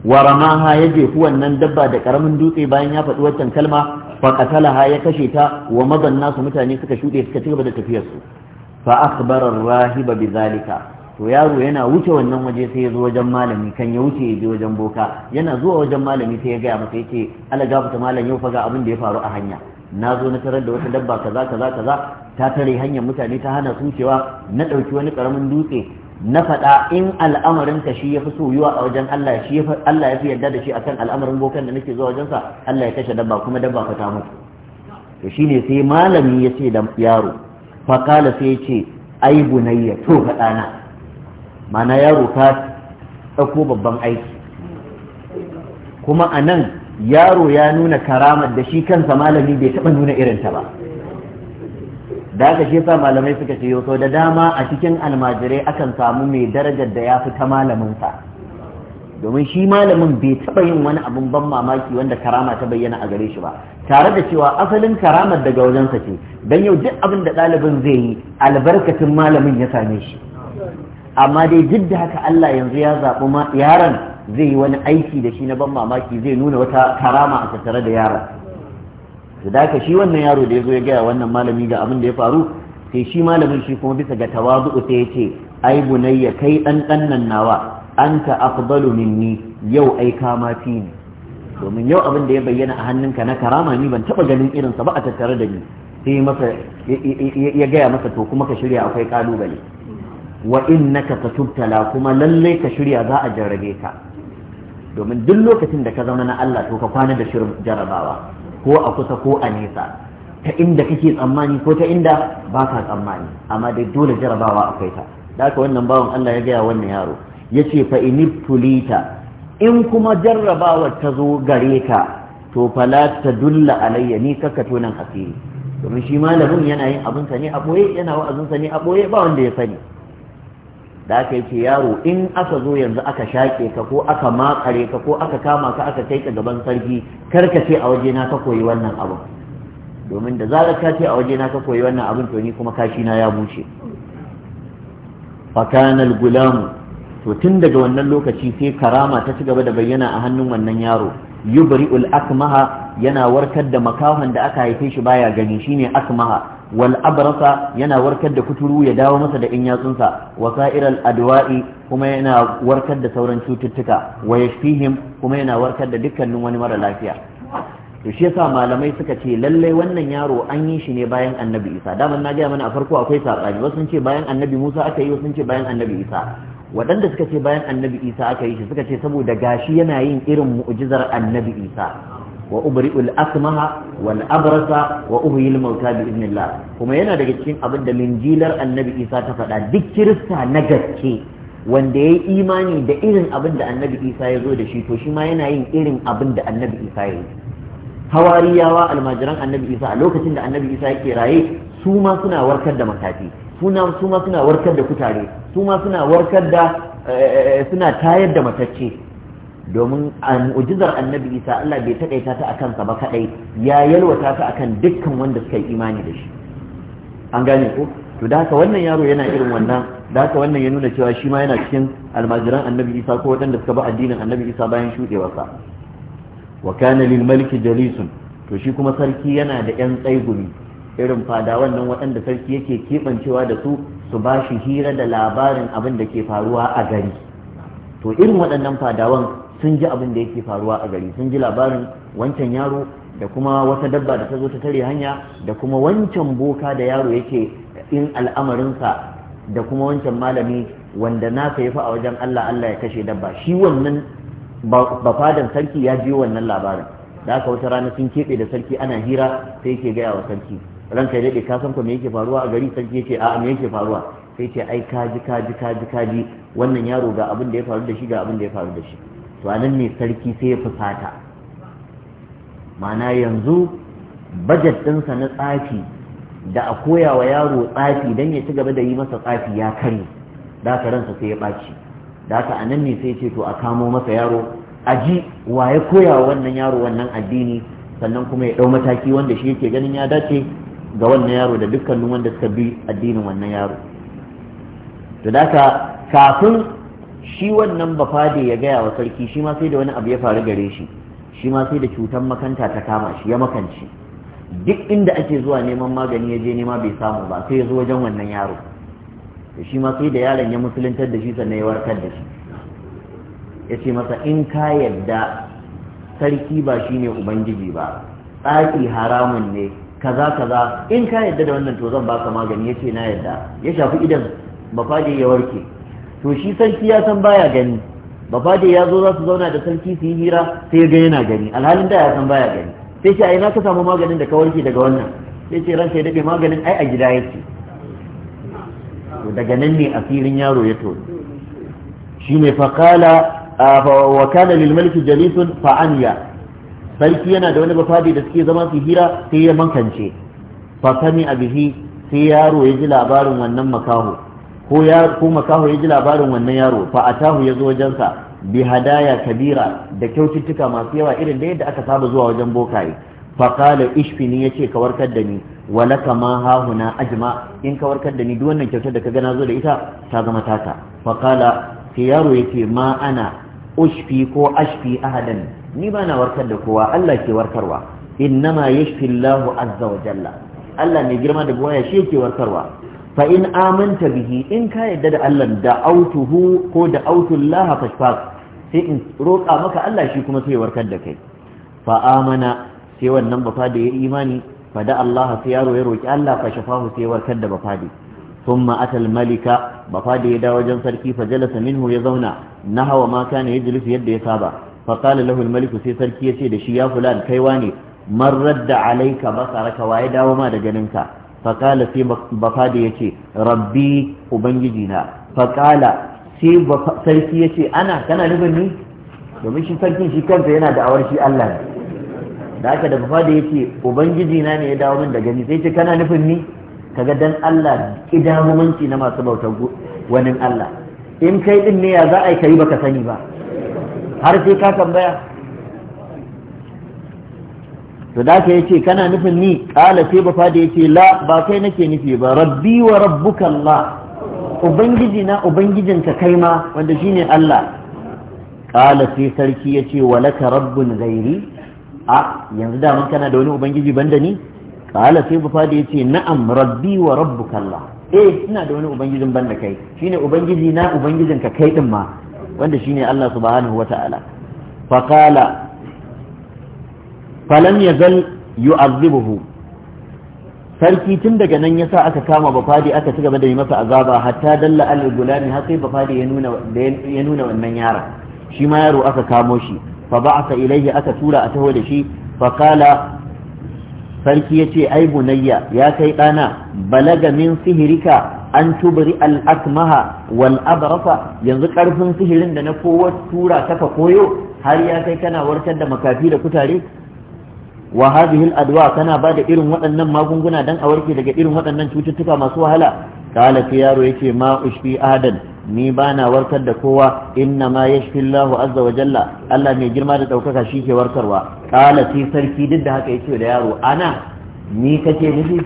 Waramaha ya jefi wannan dabba da karamin dutse bayan ya faɗi waccan kalma fa qatalaha ya kashe ta wa madanna su mutane suka shuɗe suka ci gaba da tafiyar su fa akhbara ar-rahiba bidhalika to yaro yana wuce wannan waje sai ya zo wajen malami kan ya wuce ya je wajen boka yana zuwa wajen malami sai ya gaya masa yake ala gafata malam yau faga abin da ya faru a hanya na zo na tarar da wata dabba kaza kaza kaza ta tare hanyar mutane ta hana su cewa na ɗauki wani ƙaramin dutse na faɗa in al'amarin ka shi ya fi soyuwa a wajen Allah shi Allah ya fi yarda da shi akan al'amarin bokan da nake zuwa wajensa Allah ya kashe dabba kuma dabba fa ta mutu to shine sai malami ya ce da yaro fa kala sai ya ce ai bunayya to faɗa na mana yaro ta ɗauko babban aiki kuma a nan yaro ya nuna karamar da shi kansa malami bai taɓa nuna irinta ba da aka shi sa malamai suka ce yau da dama a cikin almajirai akan samu mai darajar da ya fi ta malaminsa domin shi malamin bai taɓa yin wani abin ban mamaki wanda karama ta bayyana a gare shi ba tare da cewa asalin karamar daga wajensa ce don yau duk abin da ɗalibin zai yi albarkacin malamin ya same shi amma dai duk da haka Allah yanzu ya zaɓi yaron zai yi wani aiki da shi na ban mamaki zai nuna wata karama a tattare da yaron su da haka shi wannan yaro da ya zo ya gaya wannan malami ga abin da ya faru sai shi malamin shi kuma bisa ga tawazu'u sai ya ce ai bunayya kai dan nan nawa anta afdalu minni yau ai kama fi ni domin yau abin da ya bayyana a hannunka na karama ni ban taba ganin irinsa ba a tattare da ni sai ya gaya masa to kuma ka shirya akwai kalubale wa innaka tuftala kuma lallai ka shirya za a jarrabe ka domin duk lokacin da ka zama na Allah to ka kwana da shirin jarrabawa ko a kusa ko a nesa ta inda kake tsammani ko ta inda baka tsammani amma dai dole jarrabawa akwai ta da haka wannan bawan Allah ya gaya wannan yaro ya ce fa inibtulita in kuma jarrabawa ta zo gare ka to fala ta dulla alayya ni kaka tonan asiri domin shi malamin yana yin abunsa ne a boye yana wa'azinsa ne a boye ba wanda ya sani da aka yi ce yaro in aka zo yanzu aka shaƙe ka ko aka makare ka ko aka kama ka aka kai ka gaban sarki kar ka ce a waje na ka koyi wannan abin domin da zarar ka ce a waje na ka koyi wannan abin to ni kuma kashi na ya bushe fakanal gulamu to tun daga wannan lokaci sai karama ta ci gaba da bayyana a hannun wannan yaro yubri'ul akmaha yana warkar da makahon da aka haife shi baya gani shine akmaha wal abrasa yana warkar da kuturu ya dawo masa da in yatsunsa wa sa'iral adwa'i kuma yana warkar da sauran cututtuka wa yashfihim kuma yana warkar da dukkanin wani mara lafiya to shi yasa malamai suka ce lallai wannan yaro an yi shi ne bayan annabi isa Da na gaya mana a farko akwai sabani wasu sun ce bayan annabi musa aka yi wasu ce bayan annabi isa waɗanda suka ce bayan annabi isa aka yi shi suka ce saboda gashi yana yin irin mu'jizar annabi isa wa ubri'ul akmaha wal abrasa wa uhyil mauta bi idnillah kuma yana daga cikin abin da linjilar annabi Isa ta faɗa duk kirista na gaske wanda yayi imani da irin abin da annabi Isa ya zo da shi to shi ma yana yin irin abin da annabi Isa ya yi hawariyawa almajiran annabi Isa a lokacin da annabi Isa yake raye su ma suna warkar da makafi su ma suna warkar da kutare su ma suna warkar da eh, eh, eh, suna tayar da matacce domin mu'jizar annabi isa Allah bai taƙaita ta a kansa ba kaɗai ya yalwata ta akan dukkan wanda suka yi imani da shi an gane ko to da haka wannan yaro yana irin wannan da haka wannan ya nuna cewa shi ma yana cikin almajiran annabi isa ko waɗanda suka ba addinin annabi isa bayan shuɗewarsa wa kana lil maliki jalisun to shi kuma sarki yana da yan tsaigumi irin fada wannan waɗanda sarki yake keɓancewa da su su ba shi hira da labarin abin da ke faruwa a gari to irin waɗannan fadawan sun ji abin da yake faruwa a gari sun ji labarin wancan yaro da kuma wata dabba da ta zo ta tare hanya da kuma wancan boka da yaro yake in al'amarinsa da kuma wancan malami wanda naka yafi a wajen Allah Allah ya kashe dabba shi wannan ba fadan sarki ya ji wannan labarin da aka wata rana sun keɓe da sarki ana hira sai yake gaya wa sarki ranka ya daɗe ka san ko me yake faruwa a gari sarki yake a me yake faruwa sai ce ai kaji kaji kaji kaji wannan yaro ga abin da ya faru da shi ga abin da ya faru da shi to anan ne sarki sai ya fusata ma'ana yanzu bajet ɗinsa na tsafi da a koya wa yaro tsafi don ya ci gaba da yi masa tsafi ya kare da ka ransa sai ya ɓaci da ka anan ne sai ce to a kamo masa yaro aji wa ya koya wa wannan yaro wannan addini sannan kuma ya ɗau mataki wanda shi yake ganin ya dace ga wannan yaro da dukkanin wanda suka bi addinin wannan yaro to da ka kafin shi wannan bafade ya gaya wa sarki shi ma sai da wani abu ya faru gare shi shi ma sai da cutar makanta ta kama shi ya makanci duk inda ake zuwa neman magani ya je nema bai samu ba sai ya zo wajen wannan yaro da shi ma sai da yaron ya musuluntar da shi sannan ya warkar da shi ya ce masa in ka yadda sarki ba shi ne ubangiji ba tsaki haramun ne kaza kaza in ka yadda da wannan to zan baka magani ya ce na yadda ya shafi idan bafade ya warke to shi sarki ya san baya gani ba fadi ya zo za su zauna da sarki su yi hira sai ga yana gani alhalin da ya san baya gani sai ce a na ka samu maganin da ka warke daga wannan sai ce ranka ya daɗe maganin ai a gida yake to daga nan ne asirin yaro ya ne fa qala wa kana lil malik jalisun fa anya sarki yana da wani bafade da suke zama su hira sai ya mankance fa sami abihi sai yaro ya ji labarin wannan makaho ko ya makaho ya ji labarin wannan yaro fa tahu ya zo wajensa bi hadaya kabira da kyaututtuka masu yawa irin da yadda aka saba zuwa wajen bokaye fa qala ishfini yace ka warkar da ni wa laka ma hahuna ajma in ka warkar da ni duk wannan kyautar da ka gana zo da ita ta zama taka fa qala yaro yace ma ana ushfi ko ashfi ahadan ni ba na warkar da kowa Allah ke warkarwa innama yashfi Allahu azza wa jalla Allah mai girma da goya shi yake warkarwa fa in aminta bihi in ka yadda da Allah da autuhu ko da laha fashfaq sai in roƙa maka Allah shi kuma sai warkar da kai fa amana sai wannan bafa da ya imani fa da Allah sai yaro ya roƙi Allah fa sai warkar da bafa da thumma atal malika bafa da ya da wajen sarki fa jalasa minhu ya zauna maka ma kana yajlisu yadda ya saba fa qala lahu al maliku sai sarki ya ce da shi ya fulan kai wane man radda alayka basaraka waye dawo ma da ganinka faƙala sai bafada ya ce rabbi ubangiji na faƙala sai sarki ya ce ana kana nufin ni domin shi sarkin shi kansa yana da awar shi Allah ne da aka da bafada ya ce ubangiji na ne ya dawo min da gani sai ce kana nufin ni kaga dan Allah kidamumanci na masu bautar wani Allah in kai din ne ya za a yi kai baka sani ba har sai ka tambaya to da ka yace kana nufin ni kala sai ba fada yace la ba kai nake nufi ba rabbi wa rabbuka Allah ubangiji na ubangijin ka kai ma wanda shine Allah kala sai sarki yace walaka rabbun ghairi a yanzu da mun kana da wani ubangiji banda ni kala sai ba fada yace na'am rabbi wa rabbuka Allah eh ina da wani ubangijin banda kai shine ubangiji na ubangijin ka kai din ma wanda shine Allah subhanahu wataala fa kala falam ya zal yu'azzibuhu sarki tun daga nan ya sa aka kama bafadi aka ci gaba da yi masa azaba hatta dalla al gulami har sai bafadi ya nuna ya nuna wannan yaron shi ma yaro aka kamo shi fa ba'atha ilayhi aka tura a taho da shi fa qala sarki yace ai bunayya ya kai dana balaga min sihirika an tubri al akmaha wal abrasa yanzu karfin sihirin da na kowa tura ta koyo har ya kai kana warkar da makafi da kutare wa hadhihi al-adwa kana bada irin waɗannan magunguna dan a warke daga irin waɗannan cututtuka masu wahala kala sai yaro yake ma ushfi ni bana warkar da kowa inna ma yashfi Allahu azza wa jalla Allah mai girma da daukaka shi ke warkarwa kala sai sarki duk da haka yace da yaro ana ni kake nufi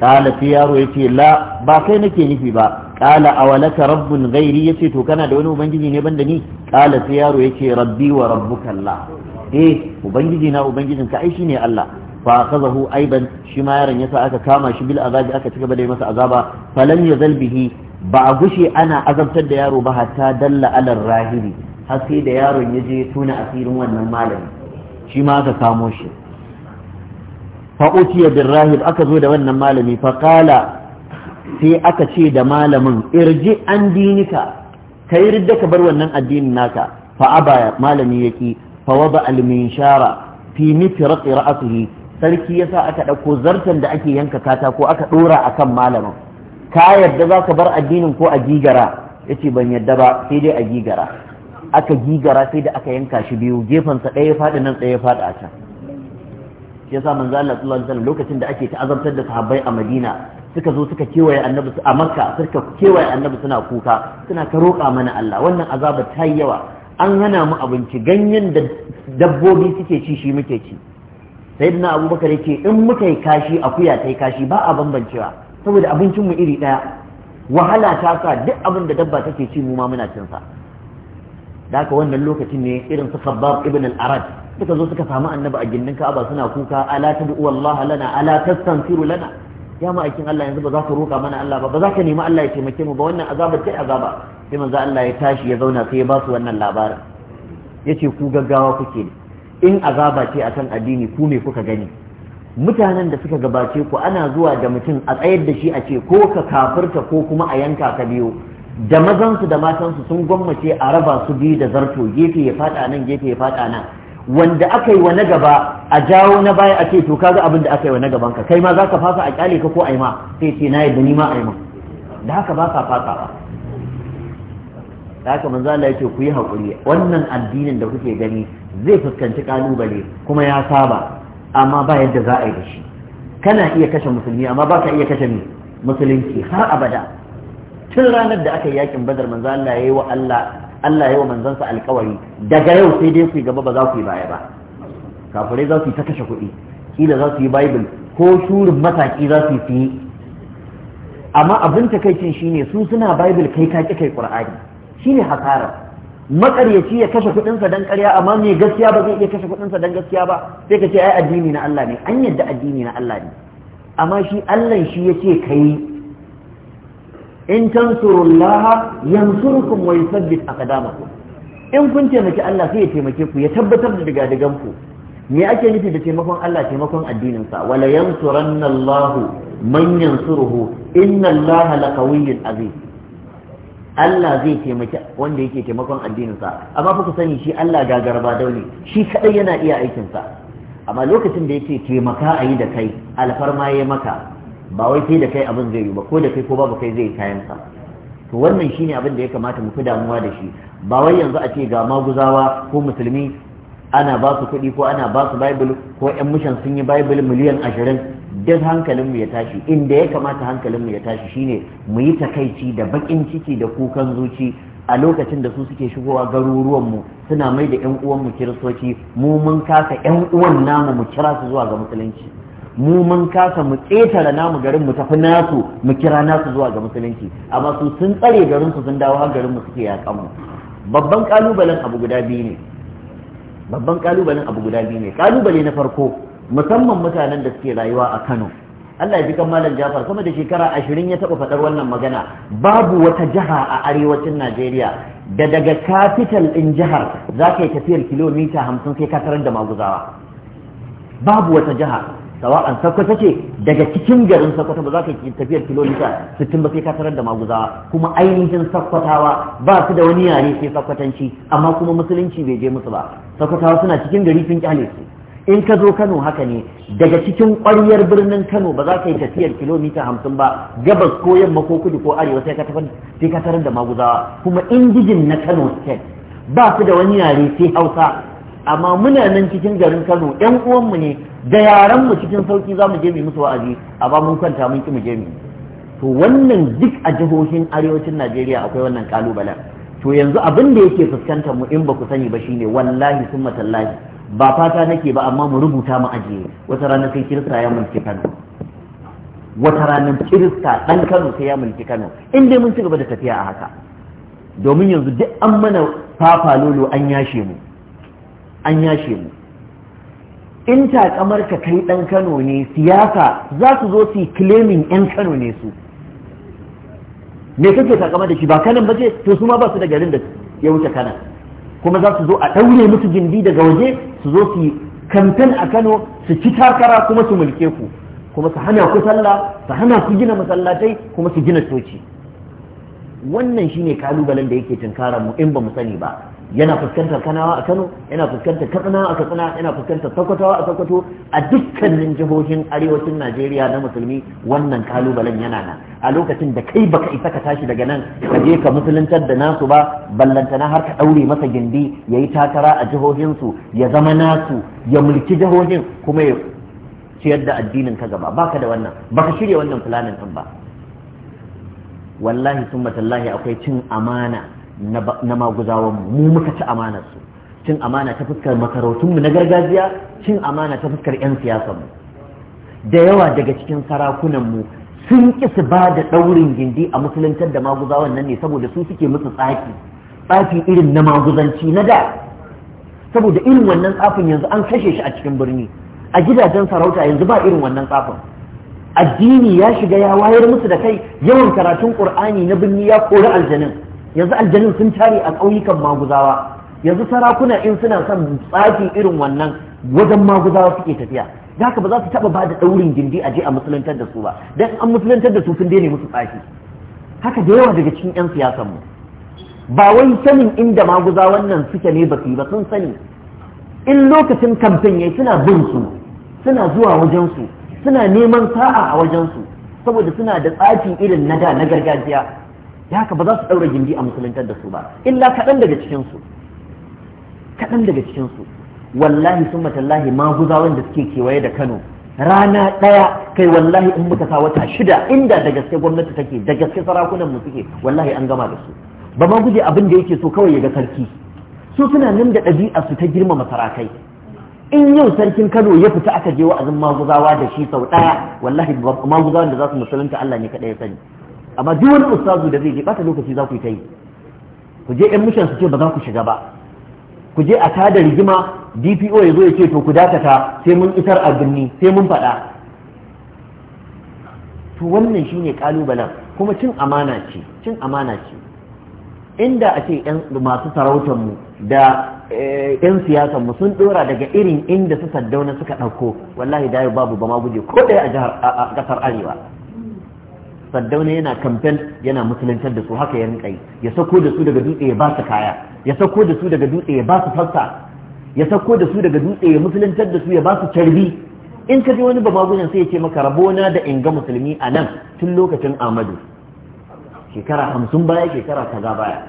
kala yaro yake la ba kai nake nufi ba kala awalaka rabbun ghairi yace to kana da wani ubangiji ne banda ni kala yaro yake rabbi wa rabbuka Allah eh ubangiji na ubangijin ka ai ne Allah fa akhadahu aiban shi ma yaron yasa aka kama shi bil azabi aka ci gaba da masa azaba falan yazal bihi ba a gushe ana azabtar da yaro ba hatta dalla alal rahibi har sai da yaron ya je tuna asirin wannan malami shi ma aka kamo shi fa utiya bil rahib aka zo da wannan malami fa qala sai aka ce da malamin irji an dinika kai ridda ka bar wannan addinin naka fa abaya malami yake fawada alminshara fi mitraqi ra'sihi sarki yasa aka ɗauko zartan da ake yanka katako aka a akan malamin ka yarda zaka bar addinin ko a gigara ce ban yarda ba sai dai a gigara aka gigara sai da aka yanka shi biyu gefen sa ɗaya faɗi nan ɗaya faɗi a can Ya sa manzo Allah sallallahu alaihi lokacin da ake ta'azantar da sahabbai a Madina suka zo suka kewaye annabi a Makka suka kewaye annabi suna kuka suna ta roƙa mana Allah wannan azabar ta yi yawa an hana mu abinci ganyen da dabbobi suke ci shi muke ci sai na abubakar yake in muka yi kashi akuya ta yi kashi ba a bambancewa saboda abincinmu iri ɗaya wahala ta sa duk abin da dabba take ci mu ma muna cin sa da haka wannan lokacin ne irin su khabbab ibn al-arad suka zo suka samu annabi a gindin ka'aba suna kuka ala tad'u wallaha lana ala tastanfiru lana ya ma'aikin Allah yanzu ba za ka roka mana Allah ba ba za ka nemi Allah ya taimake mu ba wannan azabar kai azaba sai manzo Allah ya tashi ya zauna sai ya ba su wannan labarin yace ku gaggawa kuke in azaba ce akan addini ku me kuka gani mutanen da suka gabace ku ana zuwa da mutum a tsayar da shi a ce ko ka kafirta ko kuma a yanka ka biyo da mazan su da matan su sun gwammace a raba su biyu da zarto gefe ya fada nan gefe ya fada nan wanda aka yi wa gaba a jawo na baya a ce to kaga abin da aka yi wa na gaban ka kai ma zaka fasa a kyale ka ko aima sai ce na yadda ni ma aima da haka ba ka fasa ba da haka manzo Allah yake ku yi hakuri wannan addinin da kuke gani zai fuskanci kalubale kuma ya saba amma ba yadda za a yi da shi kana iya kashe musulmi amma ba ka iya kashe musulunci har abada tun ranar da aka yi yakin badar manzo Allah yayi wa Allah Allah yayi wa manzansa alkawari daga yau sai dai ku gaba ba za ku yi baya ba kafirai za su yi ta kashe kuɗi kila za su yi bible ko shurin mataki za su yi amma abin takaicin shine su suna bible kai ka kai qur'ani shine hasara makaryaci ya kashe kuɗinsa don ƙarya amma mai gaskiya ba zai iya kashe kuɗinsa don gaskiya ba sai ka ce ai addini na Allah ne an yadda addini na Allah ne amma shi Allah shi ya ce kai in tansurullaha yansurukum wa yuthabbit aqdamakum in kun taimaki Allah sai ya taimake ku ya tabbatar da diga-digan ku me ake nufi da taimakon Allah taimakon addinin sa wala yansuranna Allahu man yansuruhu inna Allaha laqawiyyun aziz Allah zai taimaki wanda yake taimakon addininsa amma fa ku sani shi Allah gagarba daune shi kadai yana iya aikin sa amma lokacin da yake taimaka a yi da kai alfarma ya maka ba wai sai da kai abin zai yi ba ko da kai ko babu kai zai kayan sa to wannan shine abin da ya kamata mu fi damuwa da shi ba wai yanzu a ce ga maguzawa ko musulmi ana ba su kuɗi ko ana ba su bible ko yan mushan sun yi bible miliyan ashirin duk hankalinmu ya tashi inda ya kamata hankalinmu ya tashi shine mu yi takaici da bakin ciki da kukan zuci a lokacin da su suke shigowa garuruwanmu suna mai da 'yan uwanmu kiristoci mu mun kasa 'yan uwan namu mu kira su zuwa ga musulunci mu mun kasa mu ƙetare namu garin mu tafi nasu mu kira nasu zuwa ga musulunci amma su sun tsare garin su sun dawo har garin mu suke yakan mu babban kalubalen abu guda biyu ne babban kalubalen abu guda biyu ne kalubale na farko musamman mutanen da suke rayuwa a Kano Allah ya ji kan Malam Jafar kuma da shekara ashirin ya taɓa faɗar wannan magana babu wata jiha a arewacin Najeriya da daga capital ɗin jihar za ka yi tafiyar kilomita hamsin sai ka tarar da maguzawa babu wata jiha sawa'an Sakkwata ce daga cikin garin Sakkwata ba za ka yi tafiyar kilomita 60 ba sai ka tarar da maguzawa kuma ainihin sakwatawa ba su da wani yare sai sakwatanci amma kuma musulunci bai je musu ba Sakkwatawa suna cikin gari sun kyale su in ka zo kano haka ne daga cikin ƙwaryar birnin kano ba za ka yi tafiyar kilomita hamsin ba gabas ko yamma ko kudu ko arewa sai ka sai ka tarar da maguzawa kuma indijin na kano state ba su da wani yare sai hausa amma muna nan cikin garin kano yan uwanmu ne da yaran mu cikin sauki za mu je mu musu wa'azi a ba mun kwanta mun ki mu je mu to wannan duk a jihohin arewacin najeriya akwai wannan kalubalen to yanzu abin da yake fuskantar mu in ba ku sani ba shine wallahi summa tallahi ba fata nake ba amma mu rubuta mu ajiye wata rana sai kirista ya mulki Kano wata ranar kirista dan Kano sai ya mulki Kano in dai mun ci gaba da tafiya a haka domin yanzu duk an mana fafa lolo an yashe mu an yashe mu in takamar ka kai dan Kano ne siyasa za su zo su claiming yan Kano ne su me kake takama da shi ba kanan ba ce to su ma ba su da garin da ya wuce kanan kuma za su zo a ɗaure musu gindi daga waje su zo su kamfen a kano su ci takara kuma su mulke ku kuma su hana ku sallah su hana ku gina masallatai kuma su gina coci wannan shine kalubalen da yake tunkarar mu in ba mu sani ba yana fuskantar kanawa a kano yana fuskantar katsinawa a katsina yana fuskantar sokotawa a sokoto a dukkanin jihohin arewacin najeriya na musulmi wannan kalubalen yana nan a lokacin da kai baka isa ka tashi daga nan ka je ka musuluntar da nasu ba ballantana har ka ɗaure masa gindi ya yi takara a jihohinsu ya zama nasu ya mulki jihohin kuma ya ciyar da addinin ka gaba baka da wannan baka shirya wannan fulanin ɗin ba wallahi sun akwai cin amana na maguzawan mu muka ci amanar su cin amana ta fuskar makarautunmu na gargajiya cin amana ta fuskar 'yan mu. da yawa daga cikin sarakunan mu sun ƙi su ba da ɗaurin gindi a musuluntar da maguzawan nan ne saboda su suke musu tsafi tsafi irin na maguzanci na da saboda irin wannan tsafin yanzu an kashe shi a cikin birni a gidajen sarauta yanzu ba irin wannan tsafin addini ya shiga ya wayar musu da kai yawan karatun ƙur'ani na birni ya kori aljanin yanzu aljanin sun tare a ƙauyukan maguzawa yanzu sarakuna in suna son tsafi irin wannan wajen maguzawa suke tafiya da haka ba za su taba ba da daurin gindi a je a musulantar da su ba dan an musulantar da su sun daina musu tsafi haka da yawa daga cikin yan siyasan mu ba wai sanin inda maguza wannan suke ne ba su ba sun sani in lokacin kamfen yayi suna bin su suna zuwa wajen su suna neman sa'a a wajen su saboda suna da tsafi irin na da na gargajiya da haka ba za su ɗaura gindi a musuluntar da su ba illa kaɗan daga cikinsu kaɗan daga cikinsu wallahi sun matallahi maguzawan da suke kewaye da kano rana ɗaya kai wallahi in muka sa wata shida inda da gaske gwamnati take da gaske sarakunan mu suke wallahi an gama da su ba ma guje abin da yake so kawai ya ga sarki su suna nan da ɗabi'a su ta girmama sarakai in yau sarkin kano ya fita aka je wa'azin maguzawa da shi sau ɗaya wallahi maguzawan da za su musulunta Allah ne kaɗai ya sani amma duk wani ustazu da zai je bata lokaci za ku yi ta yi ku je yan mushan su ce ba za ku shiga ba ku je a tada rigima DPO ya zo ya ce to ku dakata sai mun isar a birni sai mun faɗa to wannan shine kalubalen kuma cin amana ce cin amana ce inda a ce masu sarautar mu da yan eh, siyasar mu sun ɗora daga irin inda su saddauna suka ɗauko wallahi dayo babu ba ma guje ko ɗaya a jihar a ƙasar arewa saddauna yana kamfen yana musuluntar da su haka ya rinka yi ya sako da su daga dutse ya ba su kaya ya sako da su daga dutse ya ba su fassa ya sako da su daga dutse ya musuluntar da su ya ba su carbi in ka je wani magunan sai ya ce maka rabona da in ga musulmi a nan tun lokacin amadu shekara hamsin baya shekara kaza baya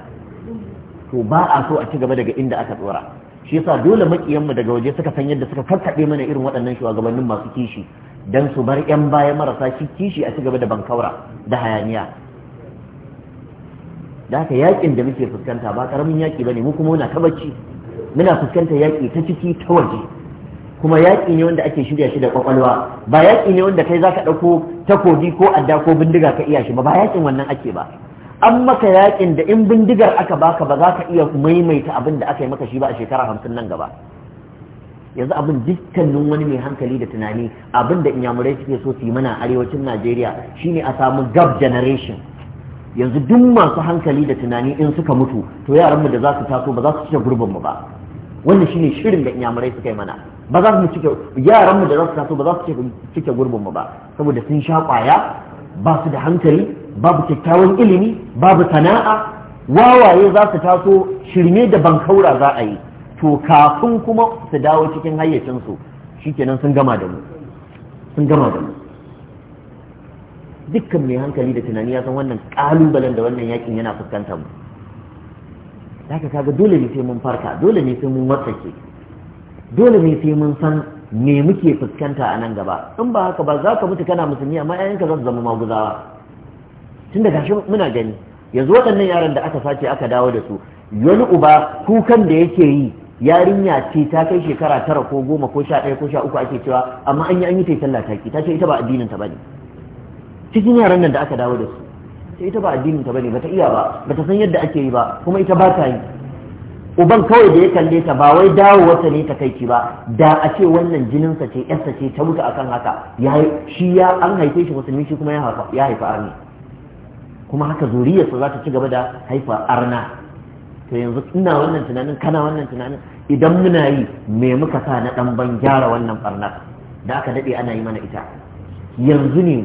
to ba a so a ci gaba daga inda aka tsora shi yasa dole makiyanmu daga waje suka san yadda suka karkaɗe mana irin waɗannan shugabannin masu kishi don su bar 'yan baya marasa shi kishi a cigaba da bankaura da hayaniya da haka yakin da muke fuskanta ba karamin yaki bane mu kuma muna kabacci muna fuskantar yaki ta ciki ta waje kuma yaki ne wanda ake shirya shi da kwakwalwa ba yaki ne wanda kai zaka dauko takobi ko adda ko bindiga ka iya shi ba ba yakin wannan ake ba an maka yakin da in bindigar aka baka ba za ka iya maimaita abin da aka yi maka shi ba a shekara hamsin nan gaba yanzu abin dukkanin wani mai hankali da tunani abin da inyamurai suke so su yi mana arewacin najeriya shine a samu gab generation yanzu duk masu hankali da tunani in suka mutu to yaranmu da za su taso ba za su cike gurbinmu ba wannan shine shirin da inyamurai suka yi mana ba za su cike yaranmu da za su taso ba za su cike gurbinmu ba saboda sun sha kwaya ba su da hankali babu kyakkyawan ilimi babu sana'a wawaye za su taso shirme da bankaura za a yi to kafin kuma su dawo cikin hayyacinsu kenan sun gama da mu sun gama da mu dukkan mai hankali da tunani ya san wannan kalubalen da wannan yakin yana fuskanta mu ka kaga dole ne sai mun farka dole ne sai mun watsake dole ne sai mun san me muke fuskanta a nan gaba in ba haka ba za ka mutu kana musulmi amma ƴaƴanka za su zama maguzawa tun da gashi muna gani yanzu waɗannan yaran da aka sace aka dawo da su wani uba kukan da yake yi yarinya ce ta kai shekara tara ko goma ko sha ɗaya ko sha uku ake cewa amma an yi an yi ta yi sallah ki ta ce ita ba addinin ta bane cikin yaran nan da aka dawo da su ta ita ba addinin ta bane bata iya ba bata san yadda ake yi ba kuma ita ba ta yi uban kawai da ya kalle ta ba wai dawo wata ne ta ki ba da a ce wannan jinin sa ce yarsa ce ta mutu akan haka Ya shi ya an haife shi musulmi shi kuma ya haifa arni kuma haka zuriyarsa za ta ci gaba da haifa arna to yanzu ina wannan tunanin kana wannan tunanin idan muna yi me muka sa na dan ban gyara wannan barnar da aka dade ana yi mana ita yanzu ne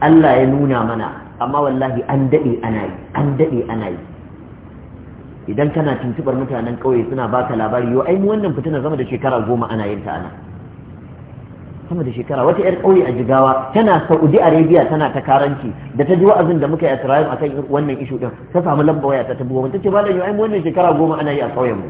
Allah ya nuna mana amma wallahi an dade ana yi an dade ana yi idan kana tuntubar mutanen kauye suna baka labari yau ai mu wannan fitina zama da shekara goma ana yin ta ana sama da shekara wata yar ƙauye a jigawa tana saudi arabia tana ta karanci da ta ji wa'azin da muka yi a tsirayen akan wannan ishu din ta samu lamba waya ta tabi wani ta ce malam yau wannan shekara goma ana yi a kauyen mu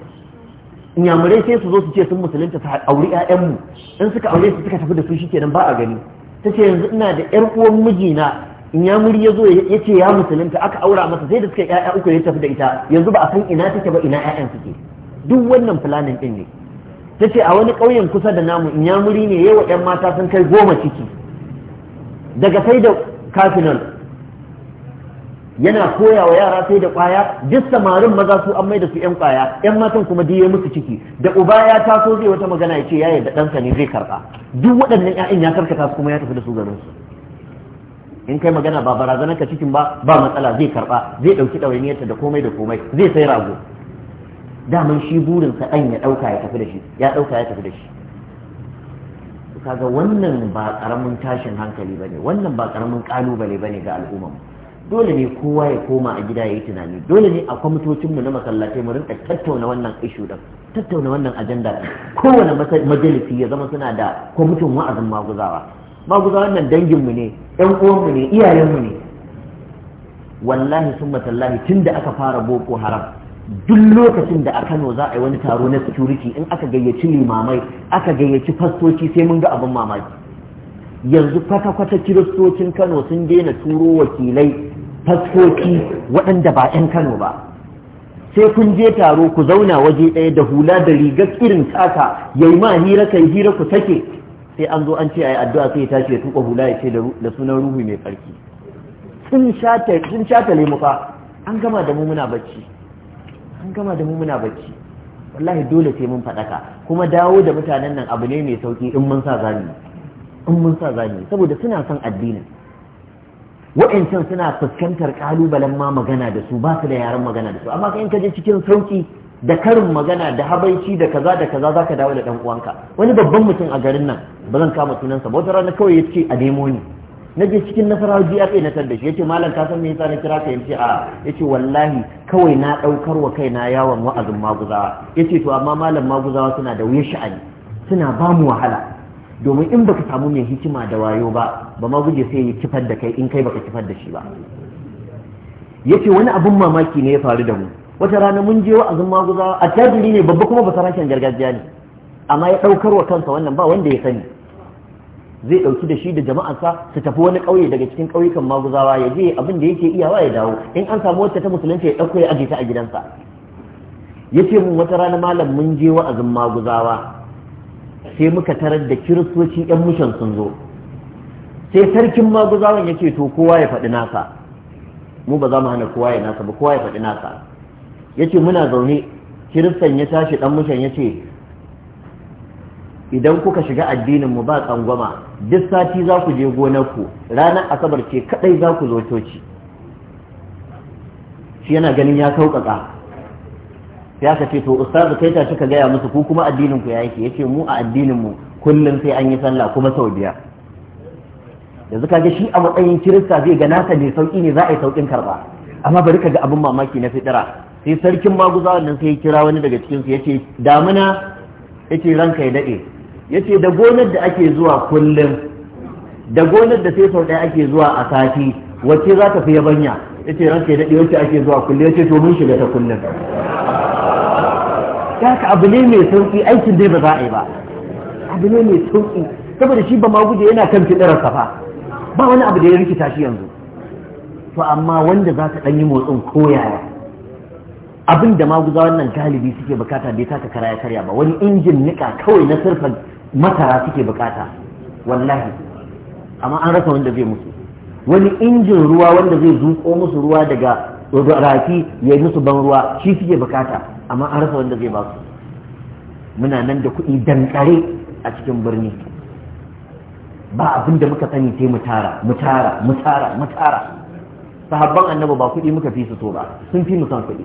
inyamurai sai su zo su ce sun musulunta su auri mu in suka aure su suka tafi da su kenan ba a gani ta ce yanzu ina da ƴar uwan mijina inyamuri ya zo ya ce ya musulunta aka aura masa sai da suka ƴaƴa uku ya tafi da ita yanzu ba a san ina take ba ina ƴaƴan suke duk wannan fulanin din ne ta ce a wani ƙauyen kusa da namu in yamuri ne yawa 'yan mata sun kai goma ciki daga sai da kafinal yana koya wa yara sai da ƙwaya duk samarin maza su an mai da su 'yan ƙwaya 'yan matan kuma diye musu ciki da uba ya taso zai wata magana ya ce ya da ɗansa ne zai karɓa duk waɗannan 'ya'yan ya karkata su kuma ya tafi da su garin su in kai magana ba barazanar ka cikin ba ba matsala zai karɓa zai ɗauki ɗawainiyarta da komai da komai zai sai rago daman shi sa ɗan ya ɗauka ya tafi da shi ya ɗauka ya tafi da shi kaga wannan ba ƙaramin tashin hankali ba ne wannan ba ƙaramin ƙalubale ba ne ga al'umma dole ne kowa ya koma a gida ya yi tunani dole ne a kwamitocinmu na masallatai mu rinka tattauna wannan ishu ɗin tattauna wannan ajanda kowane majalisi ya zama suna da kwamitin wa'azin maguzawa maguzawa wannan danginmu ne ƴan uwanmu ne iyayenmu ne wallahi sun matallahi tun da aka fara boko haram duk lokacin da a Kano za a yi wani taro na security in aka gayyaci limamai aka gayyaci fastoci sai mun ga abin mamaki yanzu kwata-kwata kiristocin Kano sun daina turo wakilai fastoci waɗanda ba 'yan Kano ba sai kun je taro ku zauna waje ɗaya da hula da rigar irin ya yayi ma hira kai hira ku take sai an zo an ce a yi addu'a sai ya tashi ya tuka hula ya ce da sunan ruhu mai tsarki sun shata lemu fa an gama da mu muna bacci an gama da mu muna bacci wallahi dole sai mun faɗaka kuma dawo da mutanen nan abu ne mai sauki in mun sa zani in mun sa zani saboda suna son addinin wa'ancan suna fuskantar kalubalen ma magana da su ba su da yaran magana da su amma in ka je cikin sauki da karin magana da habaici da kaza da kaza zaka dawo da dan uwanka wani babban mutum a garin nan bazan kama sunansa ba wata rana kawai ya ce a demoni na je cikin nasarawa GRA na tarda shi yace malam ka san me yasa na kira ka yace a yace wallahi kawai na daukar wa kaina yawon wa'azin maguzawa yace to amma malam maguzawa suna da wuya sha'ani suna ba mu wahala domin in baka samu mai hikima da wayo ba ba ma guje sai ya kifar da kai in kai baka kifar da shi ba yace wani abun mamaki ne ya faru da mu wata rana mun je wa'azin maguzawa a tajiri ne babba kuma ba sarashin gargajiya ne amma ya daukar wa kansa wannan ba wanda ya sani zai ɗauki da shi da jama'arsa su tafi wani ƙauye daga cikin ƙauyukan maguzawa ya je abin da yake iyawa ya dawo in an samu wata ta musulunci ya ɗauko ya aje ta a gidansa ya ce mun wata rana malam mun je wa'azin maguzawa sai muka tarar da kiristoci yan mishan sun zo sai sarkin maguzawan ya ce to kowa ya faɗi nasa mu ba za mu hana kowa ya nasa ba kowa ya faɗi nasa ya ce muna zaune kiristan ya tashi ɗan mishan ya ce idan kuka shiga addinin mu ba tsangwama duk sati za ku je ku, ranar asabar ce kadai za ku zo coci shi yana ganin ya sauƙaƙa ya ka ce to ustazu kai tashi ka gaya musu ku kuma addinin ku ya yake yace mu a addinin mu kullum sai an yi sallah kuma sau biya. yanzu ka ga shi a matsayin kirista zai ga nasa ne sauki ne za a yi saukin karɓa. amma bari ka ga abin mamaki na fitira sai sarkin maguzawa nan sai kira wani daga cikin su ce. damuna yace ranka ya daɗe. yace da gonar da ake zuwa kullum da gonar da sai sau ɗaya ake zuwa a sati wacce za ta fi yabanya yace ce ya daɗe wacce ake zuwa kullum Ya ce to mun shiga ta kullum Ya ka abu ne mai sauƙi, aikin dai ba za a yi ba abu ne mai sauƙi, saboda shi ba maguje yana kan fitararsa fa ba wani abu da ya rikita shi yanzu to amma wanda za ka yi motsin koyaya abin da maguza wannan galibi suke bukata bai taka karaya karya ba wani injin nika kawai na sirfa matara suke bukata wallahi amma an rasa wanda zai musu wani injin ruwa wanda zai zuko musu ruwa daga rafi ya yi musu ban ruwa shi suke bukata amma an rasa wanda zai ba muna nan da kuɗi dankare a cikin birni ba abin da muka sani sai mu tara mu tara mu tara mu tara sahabban annabi ba kuɗi muka fi su so ba sun fi mu san kuɗi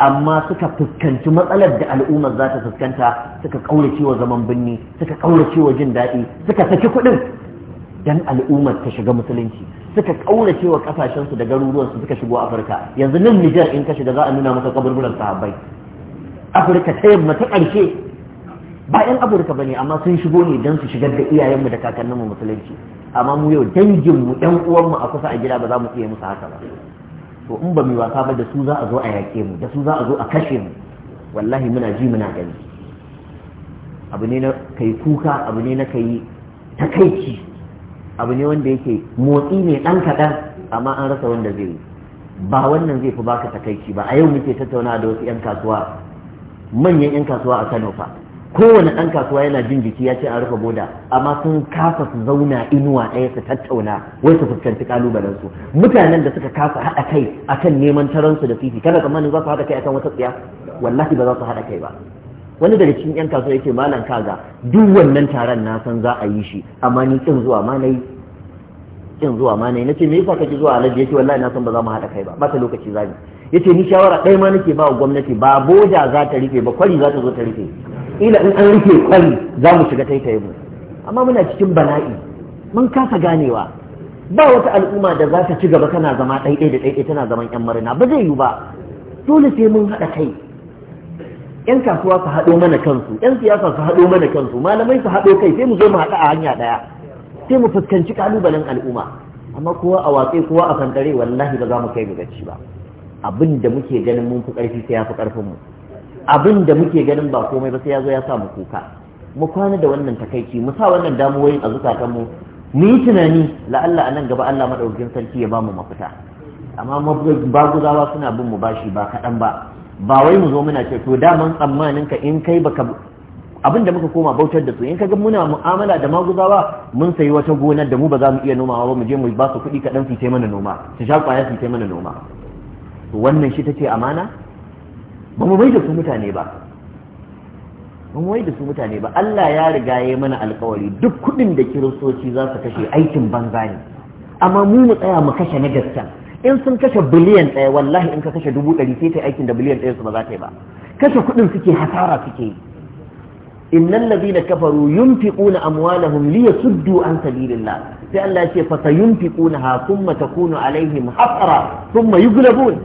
amma suka fuskanci matsalar da al'ummar za ta fuskanta suka kaurace wa zaman binni suka kaurace wa jin daɗi suka saki kuɗin dan al'ummar ta shiga musulunci suka kaurace wa su da garuruwansu suka shigo afirka yanzu nan nijar in ka shiga za a nuna maka kaburburan sahabbai afirka ta yamma ta ƙarshe ba yan afirka bane amma sun shigo ne don su shigar da iyayenmu da kakanninmu musulunci amma mu yau dangin danginmu yan uwanmu a kusa a gida ba za mu iya musu haka ba to in ba mu wasa ba da su za a zo a yaƙe mu da su za a zo a kashe mu wallahi muna ji muna gani abu ne na kai kuka abu ne na kai takaici abu ne wanda yake motsi ne dan kaɗan amma an rasa wanda zai yi ba wannan zai fi baka takaici ba a yau muke tattauna da wasu 'yan kasuwa manyan 'yan kasuwa a kano fa kowane ɗan kasuwa yana jin jiki ya ce a rufe boda amma sun kasa su zauna inuwa ɗaya su tattauna wai su fuskanci kalubalen su mutanen da suka kasa haɗa kai akan neman taransu da fifi kada tsammanin za su haɗa kai akan wata tsiya wallahi ba za su haɗa kai ba wani daga cikin yan kasuwa yake malam kaga duk wannan taron na san za a yi shi amma ni kin zuwa ma nayi kin zuwa ma nayi nace me yasa kake zuwa alaji yace wallahi na san ba za mu haɗa kai ba ba ta lokaci Ya yace ni shawara ɗaya ma nake ba wa gwamnati ba boda za ta rufe ba kwari za ta zo ta rufe ila in an rufe kwari za mu shiga taitaye mu amma muna cikin bala'i mun kasa ganewa ba wata al'umma da za ta ci gaba tana zama ɗaiɗai da ɗaiɗai tana zaman yan marina ba zai yiwu ba dole sai mun haɗa kai yan kasuwa su haɗo mana kansu yan siyasa su haɗo mana kansu malamai su haɗo kai sai mu zo mu haɗa a hanya ɗaya sai mu fuskanci kalubalen al'umma amma kowa a watsi kowa a kankare wallahi ba za mu kai mu gaci ba abin da muke ganin mun fi ƙarfi sai ya fi ƙarfin mu abin da muke ganin ba komai ba sai ya zo ya sa mu kuka mu kwana da wannan takaici mu sa wannan damuwoyin a zukatanmu mu yi tunani la'alla a nan gaba Allah madaukakin sarki ya bamu mafita amma baguzawa suna bin mu bashi ba kaɗan ba ba wai mu zo muna ce to daman tsammanin ka in kai baka abin da muka koma bautar da su in kaga muna mu'amala da maguzawa mun sayi wata gona da mu ba za mu iya nomawa ba mu je mu ba su kuɗi kaɗan su mana noma su sha ƙwaya su mana noma wannan shi ta ce amana ba mu da su mutane ba ba mu da su mutane ba Allah ya riga ya mana alkawari duk kuɗin da kiristoci za su kashe aikin banza ne amma mu mu tsaya mu kashe na gaskiya in sun kashe biliyan ɗaya wallahi in ka kashe dubu ɗari sai ta aikin da biliyan ɗaya su ba za ta yi ba kashe kuɗin suke hasara suke yi innal ladina kafaru yunfiquna amwalahum liyasuddu an sabilillah sai Allah ya ce fa sayunfiqunaha thumma takunu alaihim hasara thumma yughlabun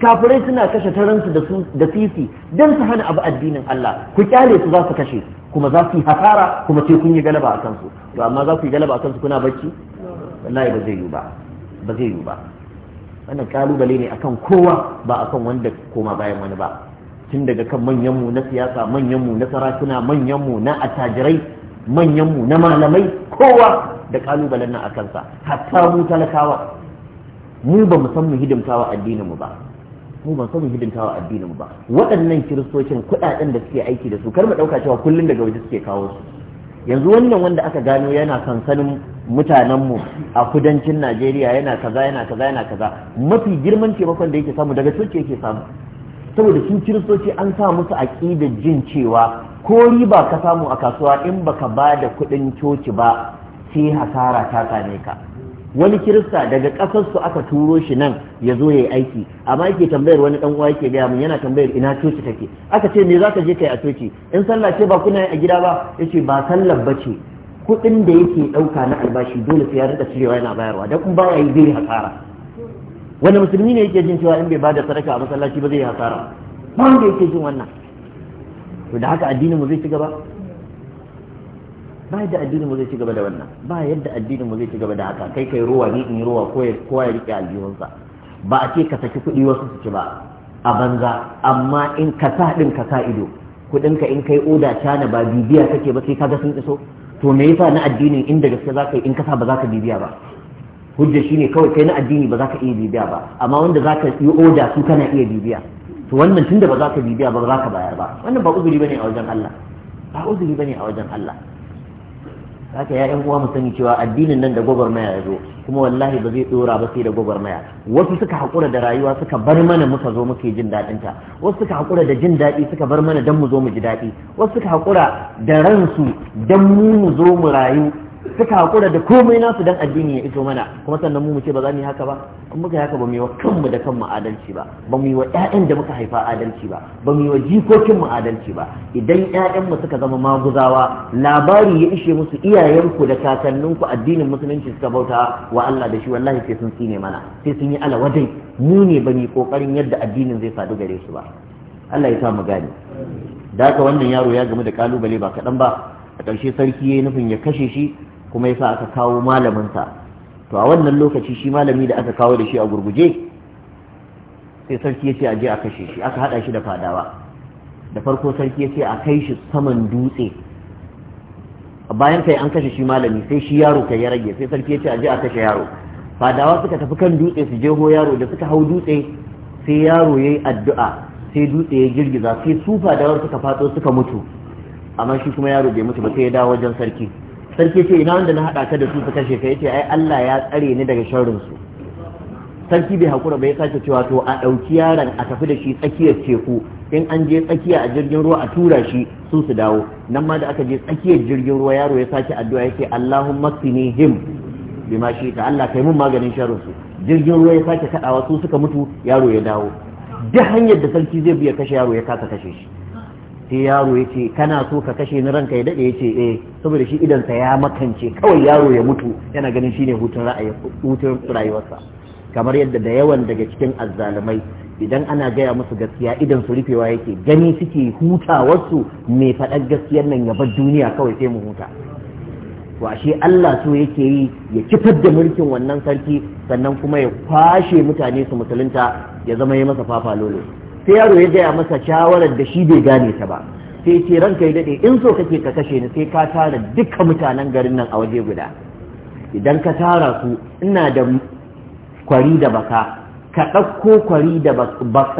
kafirai suna kashe taransu da da sisi dan su hana abu addinin Allah ku kyale su za su kashe kuma za su yi hasara kuma ce kun yi galaba a kansu to amma za ku yi galaba a kansu kuna bacci wallahi ba zai yi ba ba zai yi ba wannan kalubale ne akan kowa ba akan wanda koma bayan wani ba tun daga kan manyanmu na siyasa manyanmu na sarakuna manyanmu na attajirai manyanmu na malamai kowa da kalubalen nan a kansa hatta mu talakawa mu ba mu san mu hidimtawa addinin mu ba mu ban so mu hidinta wa addinin ba waɗannan kiristocin kuɗaɗen da suke aiki da su kar mu ɗauka cewa kullum daga waje suke kawo su yanzu wannan wanda aka gano yana sansanin mutanenmu a kudancin najeriya yana kaza yana kaza yana kaza mafi girman taimakon da yake samu daga coci yake samu saboda su kiristoci an sa musu aƙidar jin cewa ko riba ka samu a kasuwa in baka ba da kuɗin coci ba sai hasara ta same ka wani kirista daga ƙasarsu aka turo shi nan ya zo ya yi aiki amma yake tambayar wani ɗan uwa yake gaya min yana tambayar ina coci take aka ce me zaka je kai a coci in sallah ce ba kuna a gida ba yace ba sallar ba ce kuɗin da yake ɗauka na albashi dole sai ya rika cirewa yana bayarwa dan kun baya yi zai hasara wani musulmi ne yake jin cewa in bai bada sadaka a masallaci ba zai hasara ba wanda yake jin wannan to da haka addinin mu zai ci gaba ba yadda addinin mu zai ci gaba da wannan ba yadda addinin mu zai ci gaba da haka kai kai ruwa ni in ruwa ko ya ko ya rike aljihunsa ba a ce ka saki kuɗi wasu su ci ba a banza amma in ka sa din ka sa ido kuɗin ka in kai oda cana ba bibiya kake ba sai kaga sun iso to me yasa na addinin inda gaske zaka yi in ka sa ba zaka bibiya ba hujja shine kawai kai na addini ba zaka iya bibiya ba amma wanda zaka yi oda su kana iya bibiya to wannan tunda ba zaka bibiya ba ba zaka bayar ba wannan ba uzuri bane a wajen Allah ba uzuri bane a wajen Allah haka ya yan uwa mu sani cewa addinin nan da gwagwarmaya ya zo kuma wallahi ba zai dora ba sai da gwagwarmaya wasu suka haƙura da rayuwa suka bar mana muka zo muke jin daɗin ta wasu suka haƙura da jin daɗi suka bar mana dan mu zo mu ji daɗi wasu suka haƙura da ransu dan mu zo mu rayu suka haƙura da komai nasu dan addini ya iso mana kuma sannan mu ce ba za mu yi haka ba in muka yi haka ba mu yi wa kanmu da kanmu adalci ba ba mu yi wa ƴaƴan da muka haifa adalci ba ba mu yi wa jikokin mu adalci ba idan mu suka zama maguzawa labari ya ishe musu iyayenku da ku addinin musulunci suka bauta wa Allah da shi wallahi sai sun tsine mana sai sun yi alawadai mu ne ba mu kokarin yadda addinin zai sadu gare su ba Allah ya sa mu gane da haka wannan yaro ya gamu da kalubale ba kaɗan ba a ƙarshe sarki ya yi nufin ya kashe shi kuma yasa aka kawo malaminsa to a wannan lokaci shi malami da aka kawo da shi a gurguje sai sarki ya ce a je a kashe shi aka haɗa shi da fadawa da farko sarki ya ce a kai shi saman dutse bayan kai an kashe shi malami sai shi yaro kai ya rage sai sarki ya ce a je a kashe yaro fadawa suka tafi kan dutse su jeho yaro da suka hau dutse sai yaro ya yi addu'a sai dutse ya girgiza sai su fadawar suka fato suka mutu amma shi kuma yaro bai mutu ba sai ya dawo wajen sarki sarki ce ina wanda na haɗa ka da su su kashe ka yace ai Allah ya tsare ni daga sharrin su sarki bai hakura bai sake cewa to a ɗauki yaron a tafi da shi tsakiyar teku in an je tsakiya a jirgin ruwa a tura shi su su dawo nan ma da aka je tsakiyar jirgin ruwa yaro ya sake addu'a yake Allahumma sini him ma shi ta Allah kai mun maganin sharrin su jirgin ruwa ya sake kaɗawa su suka mutu yaro ya dawo duk hanyar da sarki zai bi ya kashe yaro ya kasa kashe shi sai yaro ya ce kana so ka kashe ni ranka ya daɗe ya ce eh saboda shi idansa ya makance kawai yaro ya mutu yana ganin shine hutun ra'ayi, hutun rayuwarsa kamar yadda da yawan daga cikin azzalumai idan ana gaya musu gaskiya idan su rufewa yake gani suke hutawarsu mai faɗar gaskiyar nan ya bar duniya kawai sai mu huta to Allah so yake yi ya kifar da mulkin wannan sarki sannan kuma ya kwashe mutane su musulunta ya zama ya masa fafa lolo sai yaro ya gaya masa shawarar da shi bai gane ta ba sai ce ranka yi daɗe in so kake ka kashe ni sai ka tara dukkan mutanen garin nan a waje guda idan ka tara su ina da kwari da baka ka ɗauko kwari da baka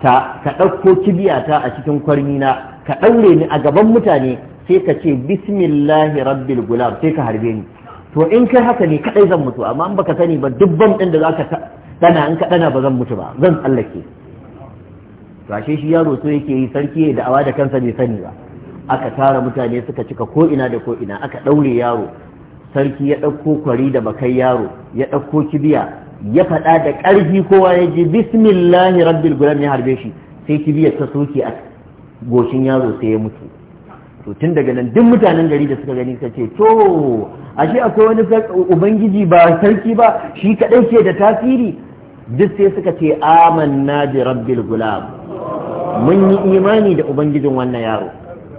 ta ka ɗauko kibiya ta a cikin kwarmi na ka ɗaure ni a gaban mutane sai ka ce bismillahi rabbil gulam sai ka harbe ni to in kai haka ne kaɗai zan mutu amma in baka sani ba dubban ɗin da za ka ɗana in ka ɗana ba zan mutu ba zan tsallake to ashe shi yaro so yake yi sarki da awa da kansa bai sani ba aka tara mutane suka cika ko ina da ko ina aka daure yaro sarki ya ɗauko kwari da bakai yaro ya ɗauko kibiya ya faɗa da ƙarfi kowa ya ji bismillahir rabbil gulam ya harbe shi sai kibiyar ta soke a goshin yaro sai ya mutu to tun daga nan duk mutanen gari da suka gani suka ce to ashe akwai wani ubangiji ba sarki ba shi kadai ke da tasiri duk sai suka ce amanna bi rabbil gulam mun yi imani da ubangijin wannan yaro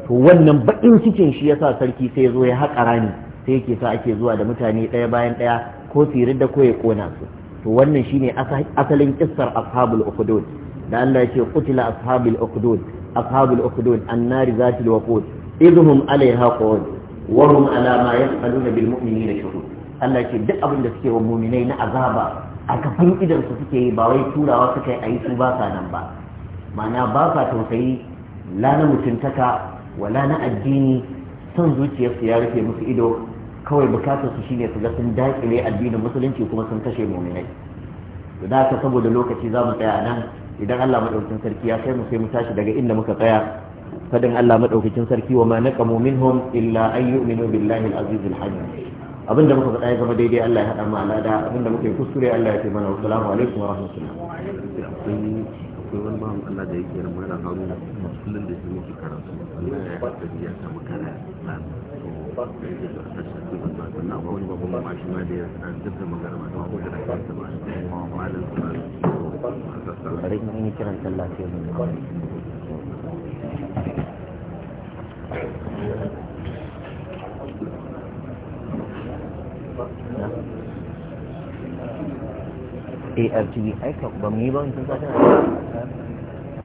to wannan baƙin cikin shi yasa sarki sai ya zo ya haƙa rani sai yake sa ake zuwa da mutane ɗaya bayan ɗaya ko tsiri da ko ya ƙona su to wannan shine asalin kissar ashabul ukhdud da Allah ya ce qutila ashabul ukhdud ashabul ukhdud annari zatil waqud idhum alaiha qud wa hum ala ma yafaluna bil mu'minina shuhud Allah ya ce duk abin da suke wa mu'minai na azaba a kafin idan su suke yi ba wai turawa suka yi ayi su ba sa nan ba ma'ana ba sa tausayi la na mutuntaka wala na addini son zuciyarsu ya rufe musu ido kawai bukatar su shine su ga sun daƙile addinin musulunci kuma sun kashe mu'minai to da saboda lokaci za mu tsaya a nan idan Allah madaukakin sarki ya kai mu sai mu tashi daga inda muka tsaya fadin Allah madaukakin sarki wa ma naqamu minhum illa an yu'minu billahi al-aziz al-hakim abinda muka faɗa ya zama daidai Allah ya haɗa mu alada abinda muka yi kuskure Allah ya ce mana assalamu alaikum wa rahmatullah akwai wani bawan Allah da yake da mara haruna kullum da shi muke karatu Allah ya tafi ya samu kana nan to da yake da tashin da ba na ba wani babu ma shi ma da ya duk da magana ma da ko da ta ba Thank you. artv aika ba mu yi ba wancan satin